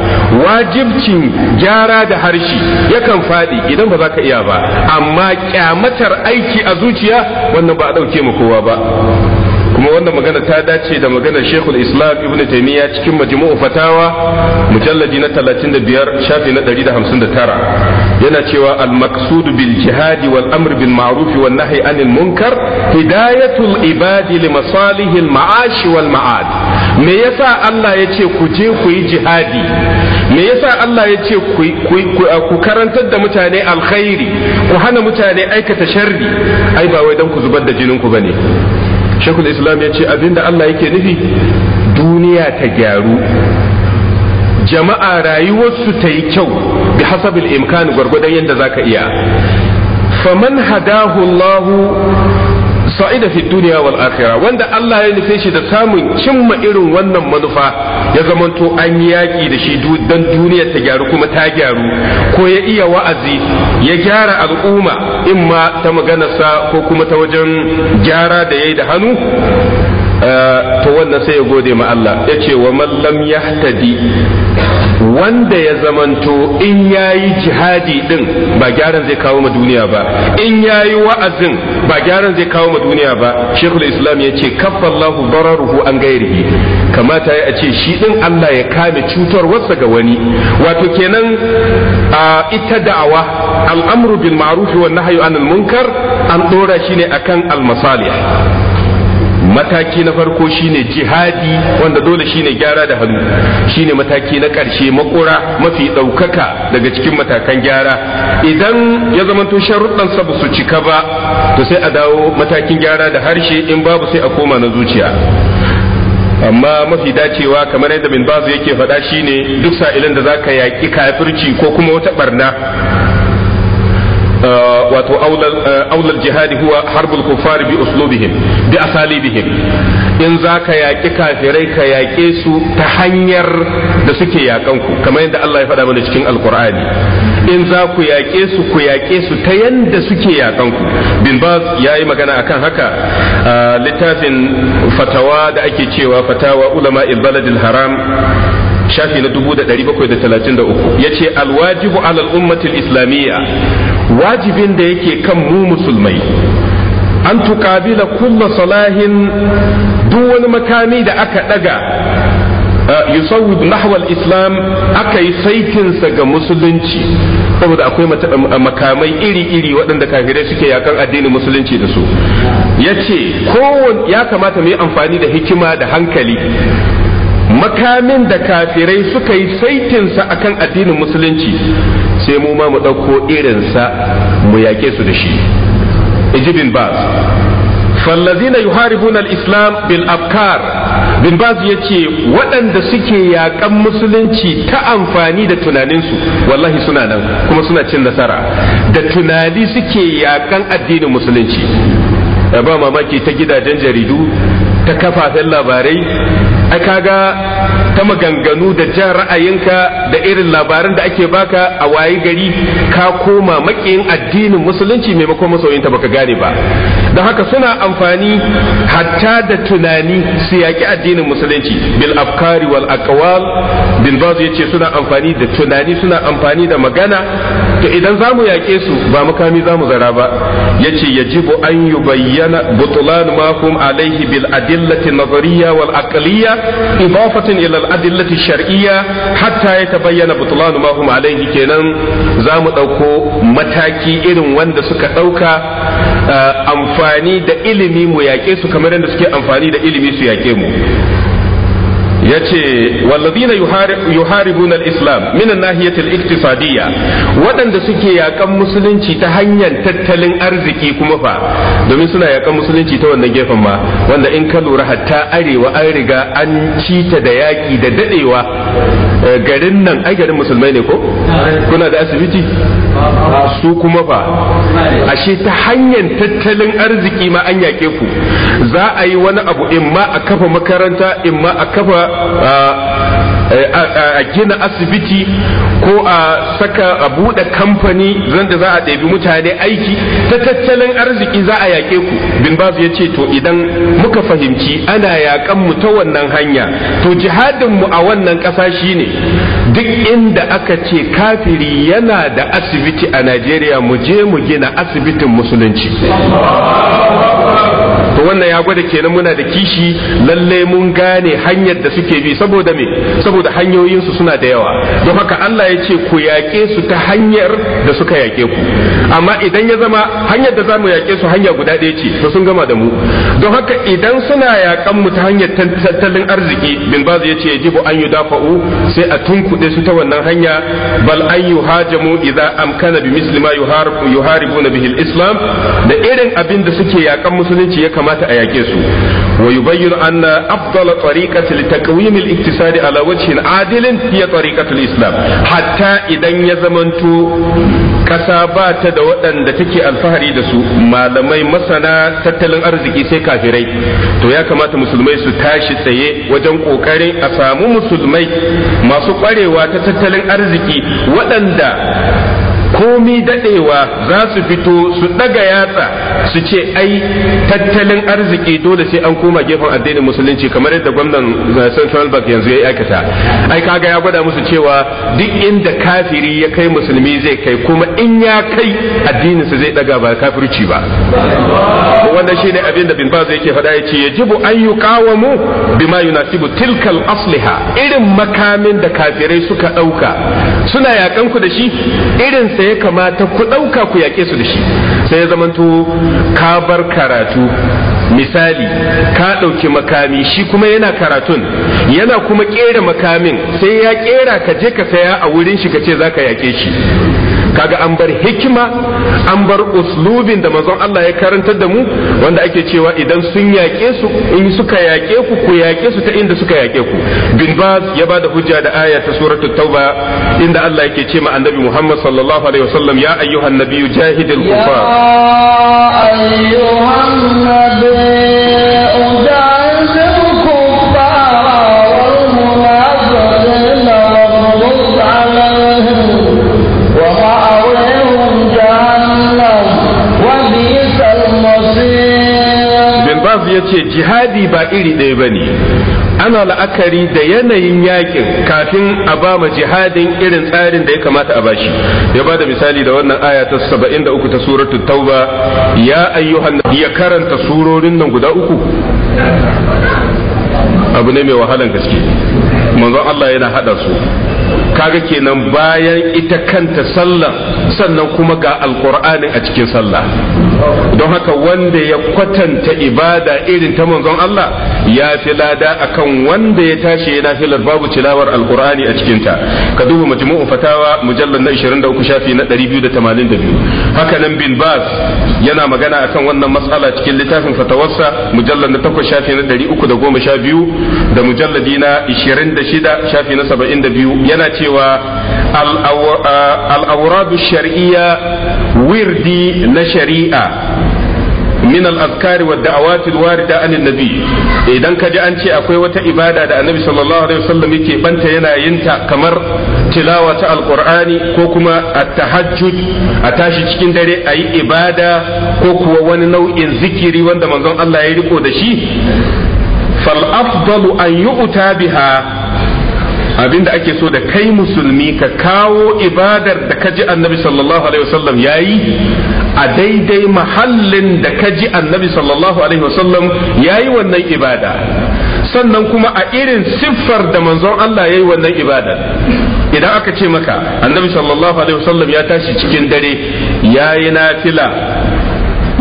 wajibcin gyara da harshe yakan fadi idan ba za ka iya ba amma kyamatar aiki a zuciya wannan ba a ɗauke mu kowa ba kuma wannan magana ta dace da maganar shekul islam ibn taimiyya cikin majmu'u fatawa mujalladi na 35 shafi na 159 yana cewa al maqsud bil jihadi wal amr bil ma'ruf wan nahy anil munkar hidayatul ibadi li masalihi al ma'ash wal ma'ad me yasa Allah yace ku je ku yi jihadi me yasa Allah yace uh, ku karantar da mutane alkhairi ku hana mutane aikata sharri ai ba wai dan ku zubar da jinin ku bane shekul islam ya ce abinda Allah yake nufi duniya ta gyaru jama'a rayuwarsu ta yi kyau bi hasabil imkan gwargwadon yadda za ka iya faman hadahu Allahu sa'ida fi duniya wal akhirah wanda Allah ya nufe shi da samun cimma irin wannan manufa ya zamanto an yi yaki da shi don duniya ta gyaru kuma ta gyaru ko ya iya wa'azi ya gyara al'umma imma ta maganarsa ko kuma ta wajen gyara da yayi da hannu eh, to wannan sai ya gode ma Allah ya ce wa man lam yahtadi wanda ya zamanto in yayi jihadi din ba gyaran zai kawo ma duniya ba in yayi wa'azin ba gyaran zai kawo ma duniya ba shekul islam ya ce kaffallahu bararuhu an gairihi kamata ya ce shi din Allah ya kame cutar cutarwarsa ga wani wato kenan a ita da'awa al'amru bil ma'ruf wa nahyu anil munkar an dora shi ne akan al masalih mataki na farko shine jihadi wanda dole shine gyara da hannu shine mataki na ƙarshe makura mafi ɗaukaka daga cikin matakan gyara idan ya zamanto sharuɗansa ba su cika ba to sai a dawo matakin gyara da harshe in babu sai a koma na zuciya amma mafi dacewa kamar yadda bin bazu yake faɗa shine duk sa'ilin da zaka yaƙi kafirci ko kuma wata ɓarna. wato aulal jihadi huwa harbul kuffari bi uslubihim bi asalibihim in za ka yaƙi kafirai ka yaƙe su ta hanyar da suke yaƙan ku kamar yadda Allah ya faɗa mana cikin alkur'ani in za ku yaƙe su ku yaƙe su ta yadda suke yaƙan ku bin ya yi magana akan haka littafin fatawa da ake cewa fatawa ulama baladil haram shafi na 1733 ce alwajibu alal ummatil islamiyya wajibin da yake kan mu musulmai an tuƙabila kulla salahin duk wani makami da aka ɗaga uh, yusawwid nahwal islam aka yi saitinsa ga musulunci saboda akwai um, uh, makamai iri-iri waɗanda kafirai suke yakan addinin musulunci da su ya ce ya kamata mu yi amfani da hikima da hankali makamin da kafirai suka yi saitinsa akan addinin musulunci sai mu ma mu ɗauko irinsa mu yaƙe su da shi ijibin baz fallazina yuharibuna al-islam bil afkar bin baz yace waɗanda suke yaƙan musulunci ta amfani da tunaninsu wallahi suna nan kuma suna cin nasara da tunani suke yaƙan addinin musulunci ba mamaki ta gidajen jaridu ta kafafen labarai ai kaga ta maganganu da jan ra'ayinka da irin labarin da ake baka a waye gari ka koma makiyin addinin musulunci maimakon masoyinta baka gane ba don haka suna amfani hatta da tunani su yaƙi addinin musulunci bil afkari wal aqwal bil baz yace suna amfani da tunani suna amfani da magana to idan zamu yaƙe su ba makami zamu zara ba yace yajibu an yubayyana butlan ma mahum alaihi bil adillati nazariyya wal aqliyya إضافة إلى الأدلة الشرعية حتى يتبين بطلان ما هم عليه كينان زام أوكو متاكي إرن وند سكا أوكا أمفاني دا إلمي مياكي سكا مرند سكي أمفاني دا إلمي سياكي مو yace walladina yuharibuna al-islam min an-nahiyati al-iqtisadiyya waɗanda suke yakan musulunci ta hanyar tattalin arziki kuma fa domin suna yakan musulunci ta wannan gefen ma wanda in ka lura hatta arewa an riga an cita da yaki da dadewa Eh, garin nan ai garin musulmai ne ko kuna da asibiti su kuma fa ashe ta hanyar tattalin arziki ma an yake ku za a yi wani abu imma a kafa makaranta in a kafa ah, Eh, a gina asibiti ko a saka a buɗe kamfani zanda za a ɗabi mutane aiki ta tattalin arziki za a yaƙe ku bin ba ya ce to idan muka fahimci ana yaƙan mu ta wannan hanya to jihadin mu a wannan ƙasa shine duk inda aka ce kafiri yana da asibiti a Najeriya mu je mu gina asibitin musulunci to wannan ya gwada kenan muna da kishi lalle mun gane hanyar da suke bi saboda me saboda hanyoyin suna da yawa don haka Allah ya ce ku yaƙe su ta hanyar da suka yaƙe ku amma idan ya zama hanyar da zamu yaƙe su hanya guda ɗaya ce to sun gama da mu don haka idan suna yaƙan mu ta hanyar tattalin arziki bin bazu ya ce yajibu an yudafa'u sai a tunkuɗe su ta wannan hanya bal an yi yuhajamu idan amkana bi muslima yuharibuna bihi islam da irin abin da suke yaƙan musulunci ya kamata kamata a yake su wa yubayyin anna afdal tariqati li taqwim al iktisadi ala wajhin adilin hiya tariqatul islam hatta idan ya zamanto kasa ba ta da waɗanda take alfahari da su malamai masana tattalin arziki sai kafirai to ya kamata musulmai su tashi tsaye wajen kokarin a samu musulmai masu kwarewa ta tattalin arziki waɗanda komi dadewa za su fito su daga yatsa su ce ai tattalin arziki dole sai an koma gefen addinin musulunci kamar yadda gwamnan eh, central bank yanzu ya aikata ai kaga ya gwada musu cewa duk inda kafiri ya kai musulmi zai kai kuma in ya kai addinin su zai daga ba kafirci ba wannan shine abin da bin baz yake faɗa yace yajibu an yuqawamu bima yunasibu tilkal asliha irin makamin da kafirai suka ɗauka. suna yakan ku da shi irin sa ya kamata ku ɗauka ku yaƙe su da shi sai ya zamanto ka bar karatu misali ka ɗauki makami shi kuma yana karatun yana kuma ƙera makamin sai ya ƙera ka je ka saya a wurin shi ka ce za ka yaƙe shi kaga an bar hikima an bar uslubin da mazan Allah ya karantar da mu wanda ake cewa idan sun yaƙe su in suka yaƙe ku ku yaƙe su ta inda suka yaƙe ku bin baz ya bada hujja da aya ta suratu tauba inda Allah yake ce ma annabi Muhammad sallallahu alaihi wasallam ya ayyuhan nabiyyu jahidil kufar ya ayyuhan nabiyyu ya ce jihadi ba iri ɗaya ba ne ana la'akari da yanayin yakin kafin a ba ma jihadin irin tsarin da ya kamata a bashi ya ba da misali da wannan aya ta uku ta suratu tauba ya ayyuhan ya karanta surorin nan guda uku abu ne mai wahalan gaske manzon Allah yana hada su kaga kenan bayan ita kanta sallah sannan kuma ga alkur'ani a cikin sallah don haka wanda ya kwatanta ibada irin ta manzon Allah ya fi lada akan wanda ya tashi yana filar babu tilawar alkur'ani a cikin ta ka duba majmu'u fatawa mujallal na 23 shafi na 282 haka nan bin bas yana magana akan wannan matsala cikin littafin fatawarsa mujallal na 8 shafi na 312 da mujalladi na 26 shafi na 72 yana ce cewa al'auradu shari'iyya wirdi na shari'a min al'azkari wa da'awatil warida anin nabi idan ka ji an ce akwai wata ibada da annabi sallallahu alaihi wasallam yake banta yana yin ta kamar tilawa ta alqur'ani ko kuma at-tahajjud a tashi cikin dare a yi ibada ko kuwa wani nau'in zikiri wanda manzon Allah ya riko da shi fal afdalu an yu'ta biha Abin da ake so da kai musulmi ka kawo ibadar da ka ji annabi sallallahu alaihi wasallam yi a daidai mahallin da ka ji annabi sallallahu alaihi wasallam yayi wannan ibada sannan kuma a irin siffar da manzon Allah yayi wannan ibada idan aka ce maka annabi sallallahu alaihi wasallam ya tashi cikin dare yayi nafila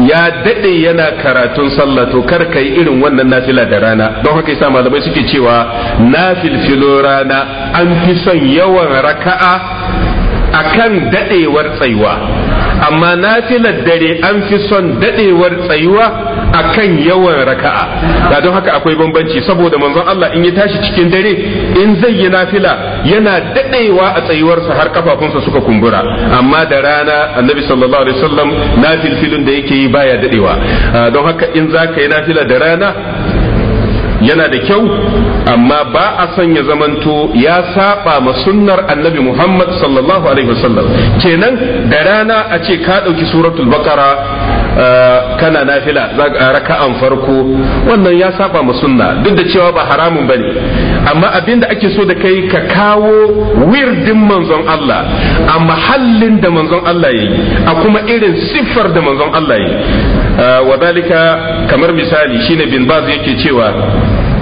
ya dade yana karatun sallah to kar kai irin wannan nafila da rana don haka yasa malamai suke cewa nafilfilo rana an fi son yawan raka'a akan dadewar tsayuwa amma nafilar dare an fi son dadewar tsayuwa akan yawan raka'a da don haka akwai bambanci saboda manzon Allah in ya tashi cikin dare in zai yi nafila yana dadewa a tsayuwarsa har kafafunsa suka kumbura amma da rana annabi sallallahu alaihi wasallam filin da yake yi baya dadewa ah, don haka in zaka yi nafila da rana yana da kyau amma ba a son ya zamanto ya saba ma sunnar annabi Muhammad sallallahu alaihi wasallam kenan da rana a ce ka ɗauki suratul baqara kana nafila raka'an farko wannan ya saba ma sunna duk da cewa ba haramun bane amma abin da ake so da kai ka kawo wirdin manzon Allah a mahallin da manzon Allah yayi a kuma irin siffar da manzon Allah yayi wa dalika kamar misali shine bin baz yake cewa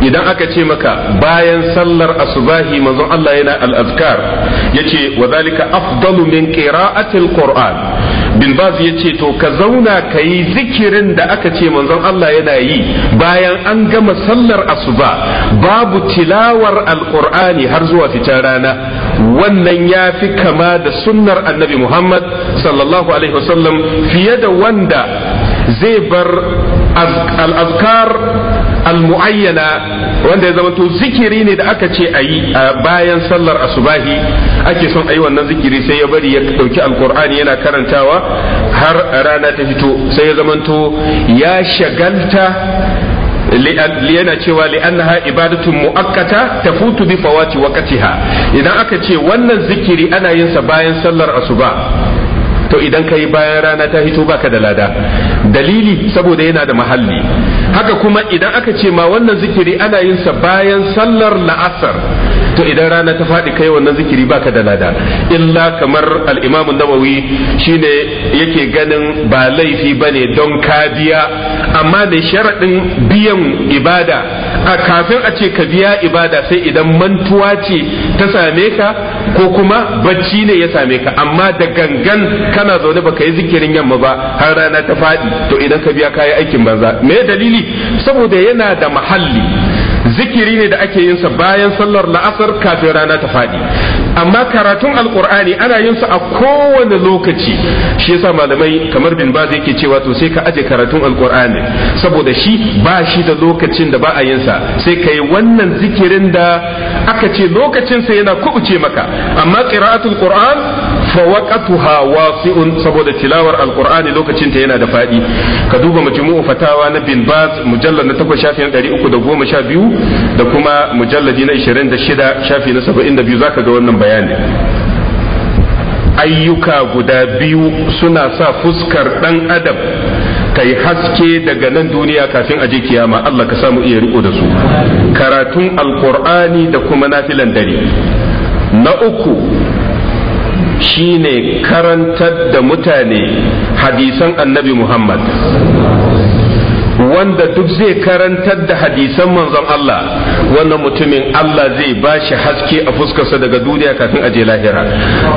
idan aka ce maka bayan sallar asubahi manzon Allah yana al-azkar yace wa dalika afdalu min qira'atil qur'an bin baz ya ce to ka zauna ka yi zikirin da aka ce manzon Allah yana yi bayan an gama sallar asuba babu tilawar alqur'ani har zuwa fitar rana wannan ya fi kama da sunnar annabi Muhammad sallallahu alaihi wasallam fiye da wanda zai bar al'azkar al-mu'ayyana wanda ya zama to zikiri ne da aka ce a yi bayan sallar asubahi ake son a yi wannan zikiri sai ya bari ya ɗauki alkur'ani yana karantawa har rana ta fito sai ya zamanto ya shagalta yana cewa li'annaha ibadatun mu'akkata tafutu bi fawati waqtiha idan aka ce wannan zikiri ana yin sa bayan sallar asuba to idan kai bayan rana ta hito baka da lada dalili saboda yana da mahalli haka kuma idan aka ce ma wannan zikiri ana yin sa bayan sallar la'asar to idan rana ta faɗi kai wannan zikiri baka da lada illa kamar al-imamu nawawi shine yake ganin ba laifi bane don ka biya amma da sharaɗin biyan ibada a kafin a ce ka biya ibada sai idan mantuwa ce ta same ka ko kuma bacci ne ya same ka amma da gangan kana zaune baka yi zikirin yamma ba har rana ta faɗi to idan ka biya kayi aikin banza me dalili saboda yana da mahalli zikiri ne da ake yin sa bayan sallar la'asar kafin rana ta fadi amma karatun alkur'ani ana yin su a kowane lokaci shi yasa malamai kamar bin baz yake cewa to sai ka aje karatun alkur'ani saboda shi ba shi da lokacin da ba a yin sa sai ka yi wannan zikirin da aka ce lokacin sa yana kubuce maka amma qira'atul qur'an fa waqatuha wasi'un saboda tilawar alkur'ani lokacin ta yana da fadi ka duba majmu'u fatawa na bin baz mujallad na 8 shafin 312 da kuma mujalladi na 26 shafi na 72 zaka ga wannan bayani ayyuka guda biyu suna sa fuskar ɗan adam ta yi haske daga nan duniya kafin a je kiyama Allah ka samu iya riko da su karatun alkur'ani da kuma nafilan dare na uku shine karantar da mutane hadisan annabi Muhammad wanda duk zai karantar da hadisan manzon Allah wannan mutumin Allah zai bashi haske a fuskarsa daga duniya kafin aje lahira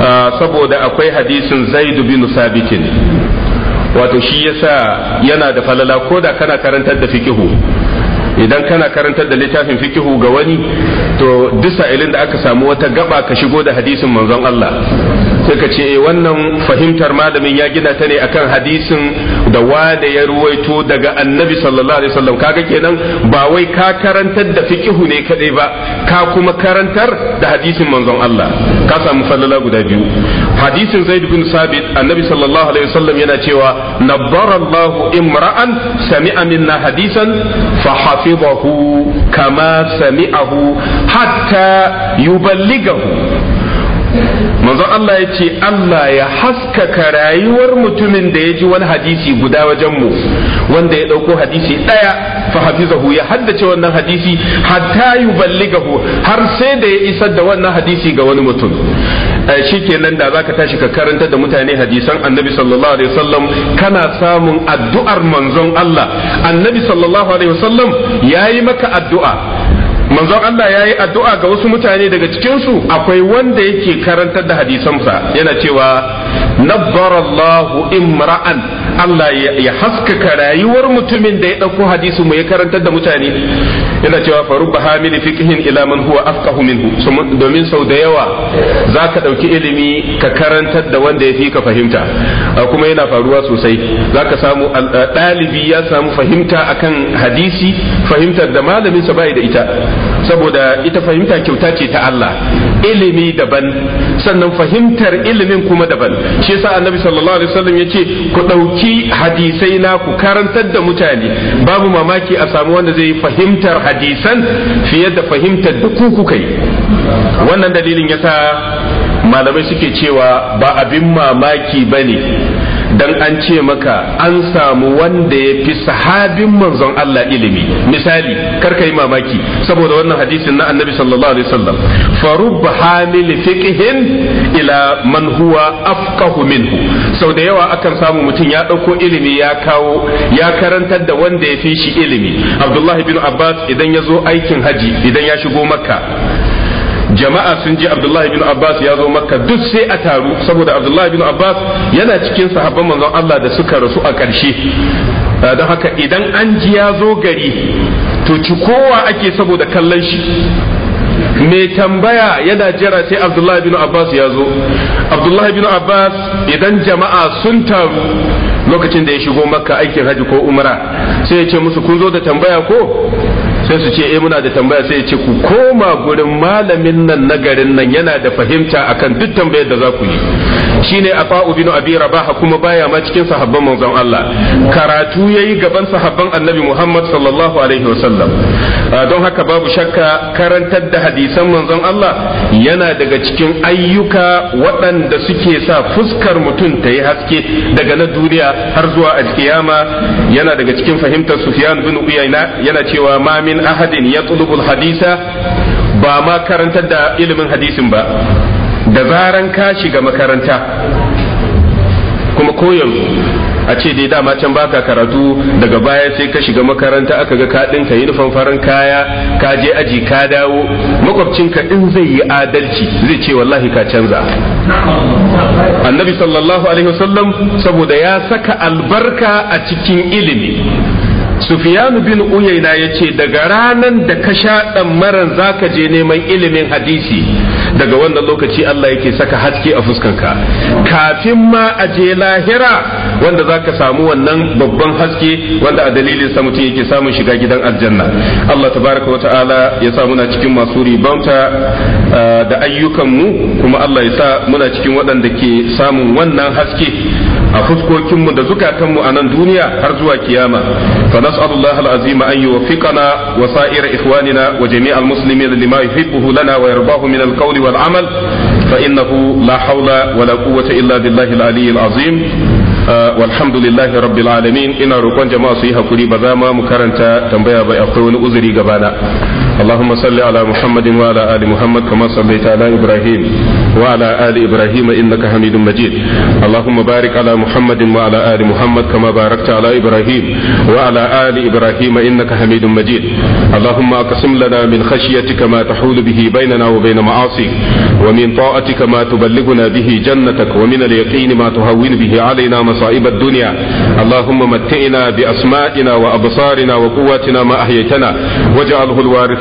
ah, saboda akwai hadisin Zaid bin Sabitin wato shi yasa yana da falala ko da kana karantar da fikihu idan kana karantar da littafin fikihu ga wani to duk sa'ilin da aka samu wata gaba ka shigo da hadisin manzon Allah sai ka ce eh, wannan fahimtar malamin ya gina ta ne akan hadisin da wada ya ruwaito daga annabi sallallahu alaihi wasallam kaga kenan ba wai ka karantar da fikihu ne kadai ba ka kuma karantar da hadisin manzon Allah ka samu falala guda biyu hadisin zaid bin sabit annabi sallallahu alaihi wasallam yana cewa nabbara Allah imra'an sami'a minna hadisan fa hafizahu kama sami'ahu hatta yuballighahu manzon Allah ya ce Allah ya haskaka rayuwar mutumin da ya ji wani hadisi guda wajen mu wanda ya ɗauko hadisi ɗaya fa hafizahu ya haddace wannan hadisi hatta yuballighahu har sai da ya isar da wannan hadisi ga wani mutum eh, shi kenan da zaka tashi ka karanta da mutane hadisan annabi sallallahu alaihi wasallam kana samun addu'ar manzon Allah annabi sallallahu alaihi wasallam yayi maka addu'a manzon Allah ya yi addu'a ga wasu mutane daga cikinsu akwai wanda yake karantar da hadisansa yana cewa nabbarallahu imra'an Allah ya haskaka rayuwar mutumin da ya ɗauko hadisu mu ya karantar da mutane yana cewa faru ba hamili fikihin ila huwa afqahu minhu domin sau da yawa za ka ɗauki ilimi ka karantar da wanda ya fi ka fahimta kuma yana faruwa sosai za ka samu ɗalibi ya samu fahimta akan hadisi fahimtar da malaminsa bai da ita saboda ita fahimta kyauta ce ta Allah ilimi daban sannan fahimtar ilimin kuma daban shi yasa annabi sallallahu alaihi wasallam yace ku dauki hadisai na ku karantar da mutane babu mamaki a samu wanda zai fahimtar hadisan fiye da fahimtar da ku kuka yi wannan dalilin yasa malamai suke cewa ba abin mamaki bane dan an ce maka an samu wanda ya fi sahabin manzon Allah ilimi misali karka yi mamaki saboda wannan hadisin na annabi sallallahu alaihi wasallam farubba hamil fiqhin ila man huwa afqahu minhu sau da yawa akan samu mutum ya dauko ilimi ya kawo ya karantar da wanda ya fi shi ilimi Abdullahi bin Abbas idan ya zo aikin haji idan ya shigo makka jama'a sun ji abdullahi bin abbas ya zo makka duk sai a taru saboda abdullahi bin abbas yana cikin sahabban manzon allah da suka rasu a ƙarshe ah, don haka idan an ji ya zo gari to ci kowa ake saboda kallon shi mai tambaya yana jira sai abdullahi bin abbas ya zo abdullahi bin abbas idan jama'a sun taru lokacin da ya shigo makka aikin hajji ko umra sai ya ce musu kun zo da tambaya ko sai su ce eh, muna da tambaya sai ya ce ku koma gurin malamin nan na garin nan yana da fahimta akan duk tambayar da za ku yi shine fa'u bin Abi Rabah kuma baya ma cikin sahabban manzon Allah karatu yayi gaban sahabban Annabi Muhammad sallallahu alaihi wasallam ah, don haka babu shakka karantar da hadisan manzon Allah yana daga cikin ayyuka waɗanda suke sa fuskar mutum ta yi haske daga na duniya har zuwa a kiyama yana daga cikin fahimtar Sufyan bin Uyayna yana cewa ma min ahadin yatlubu hadisa ba ma karantar da ilimin hadisin ba da zaran ka shiga makaranta kuma koyon a ce dai dama can baka karatu daga baya sai ka shiga makaranta aka ga ka yi farin kaya ka je aji ka dawo makwabcinka in zai yi adalci zai ce wallahi ka canza annabi sallallahu alaihi wasallam saboda ya saka albarka a cikin ilimi Sufiyanu bin Uyaina ya ce daga ranan da ka sha ɗammaran za ka je neman ilimin hadisi daga wannan lokaci Allah yake saka haske a fuskanka kafin ma a je lahira wanda zaka samu wannan babban haske wanda a dalilin sa mutum yake samun shiga gidan aljanna Allah tabaraka wa ta'ala ya sa muna cikin masu ribauta uh, da ayyukan mu kuma Allah ya sa muna cikin waɗanda ke samun wannan haske a fuskokinmu da zukatanmu a nan duniya har zuwa kiyama fa nas'alullah al'azim an yuwaffiqana wa sa'ira ikhwanina wa jami'al muslimin lima yuhibbuhu lana wa yardahu min al-qawli wal amal fa innahu la hawla wa la quwwata illa billahi al-ali al-azim uh, walhamdulillahi rabbil alamin ina roƙon jama'a su yi hakuri ba za mu karanta tambaya ba akwai wani uzuri gabana اللهم صل على محمد وعلى آل محمد كما صليت على إبراهيم وعلى آل إبراهيم إنك حميد مجيد اللهم بارك على محمد وعلى آل محمد كما باركت على إبراهيم وعلى آل إبراهيم إنك حميد مجيد اللهم أقسم لنا من خشيتك ما تحول به بيننا وبين معاصيك ومن طاعتك ما تبلغنا به جنتك ومن اليقين ما تهون به علينا مصائب الدنيا اللهم متئنا بأسمائنا وأبصارنا وقواتنا ما أحييتنا واجعله الوارث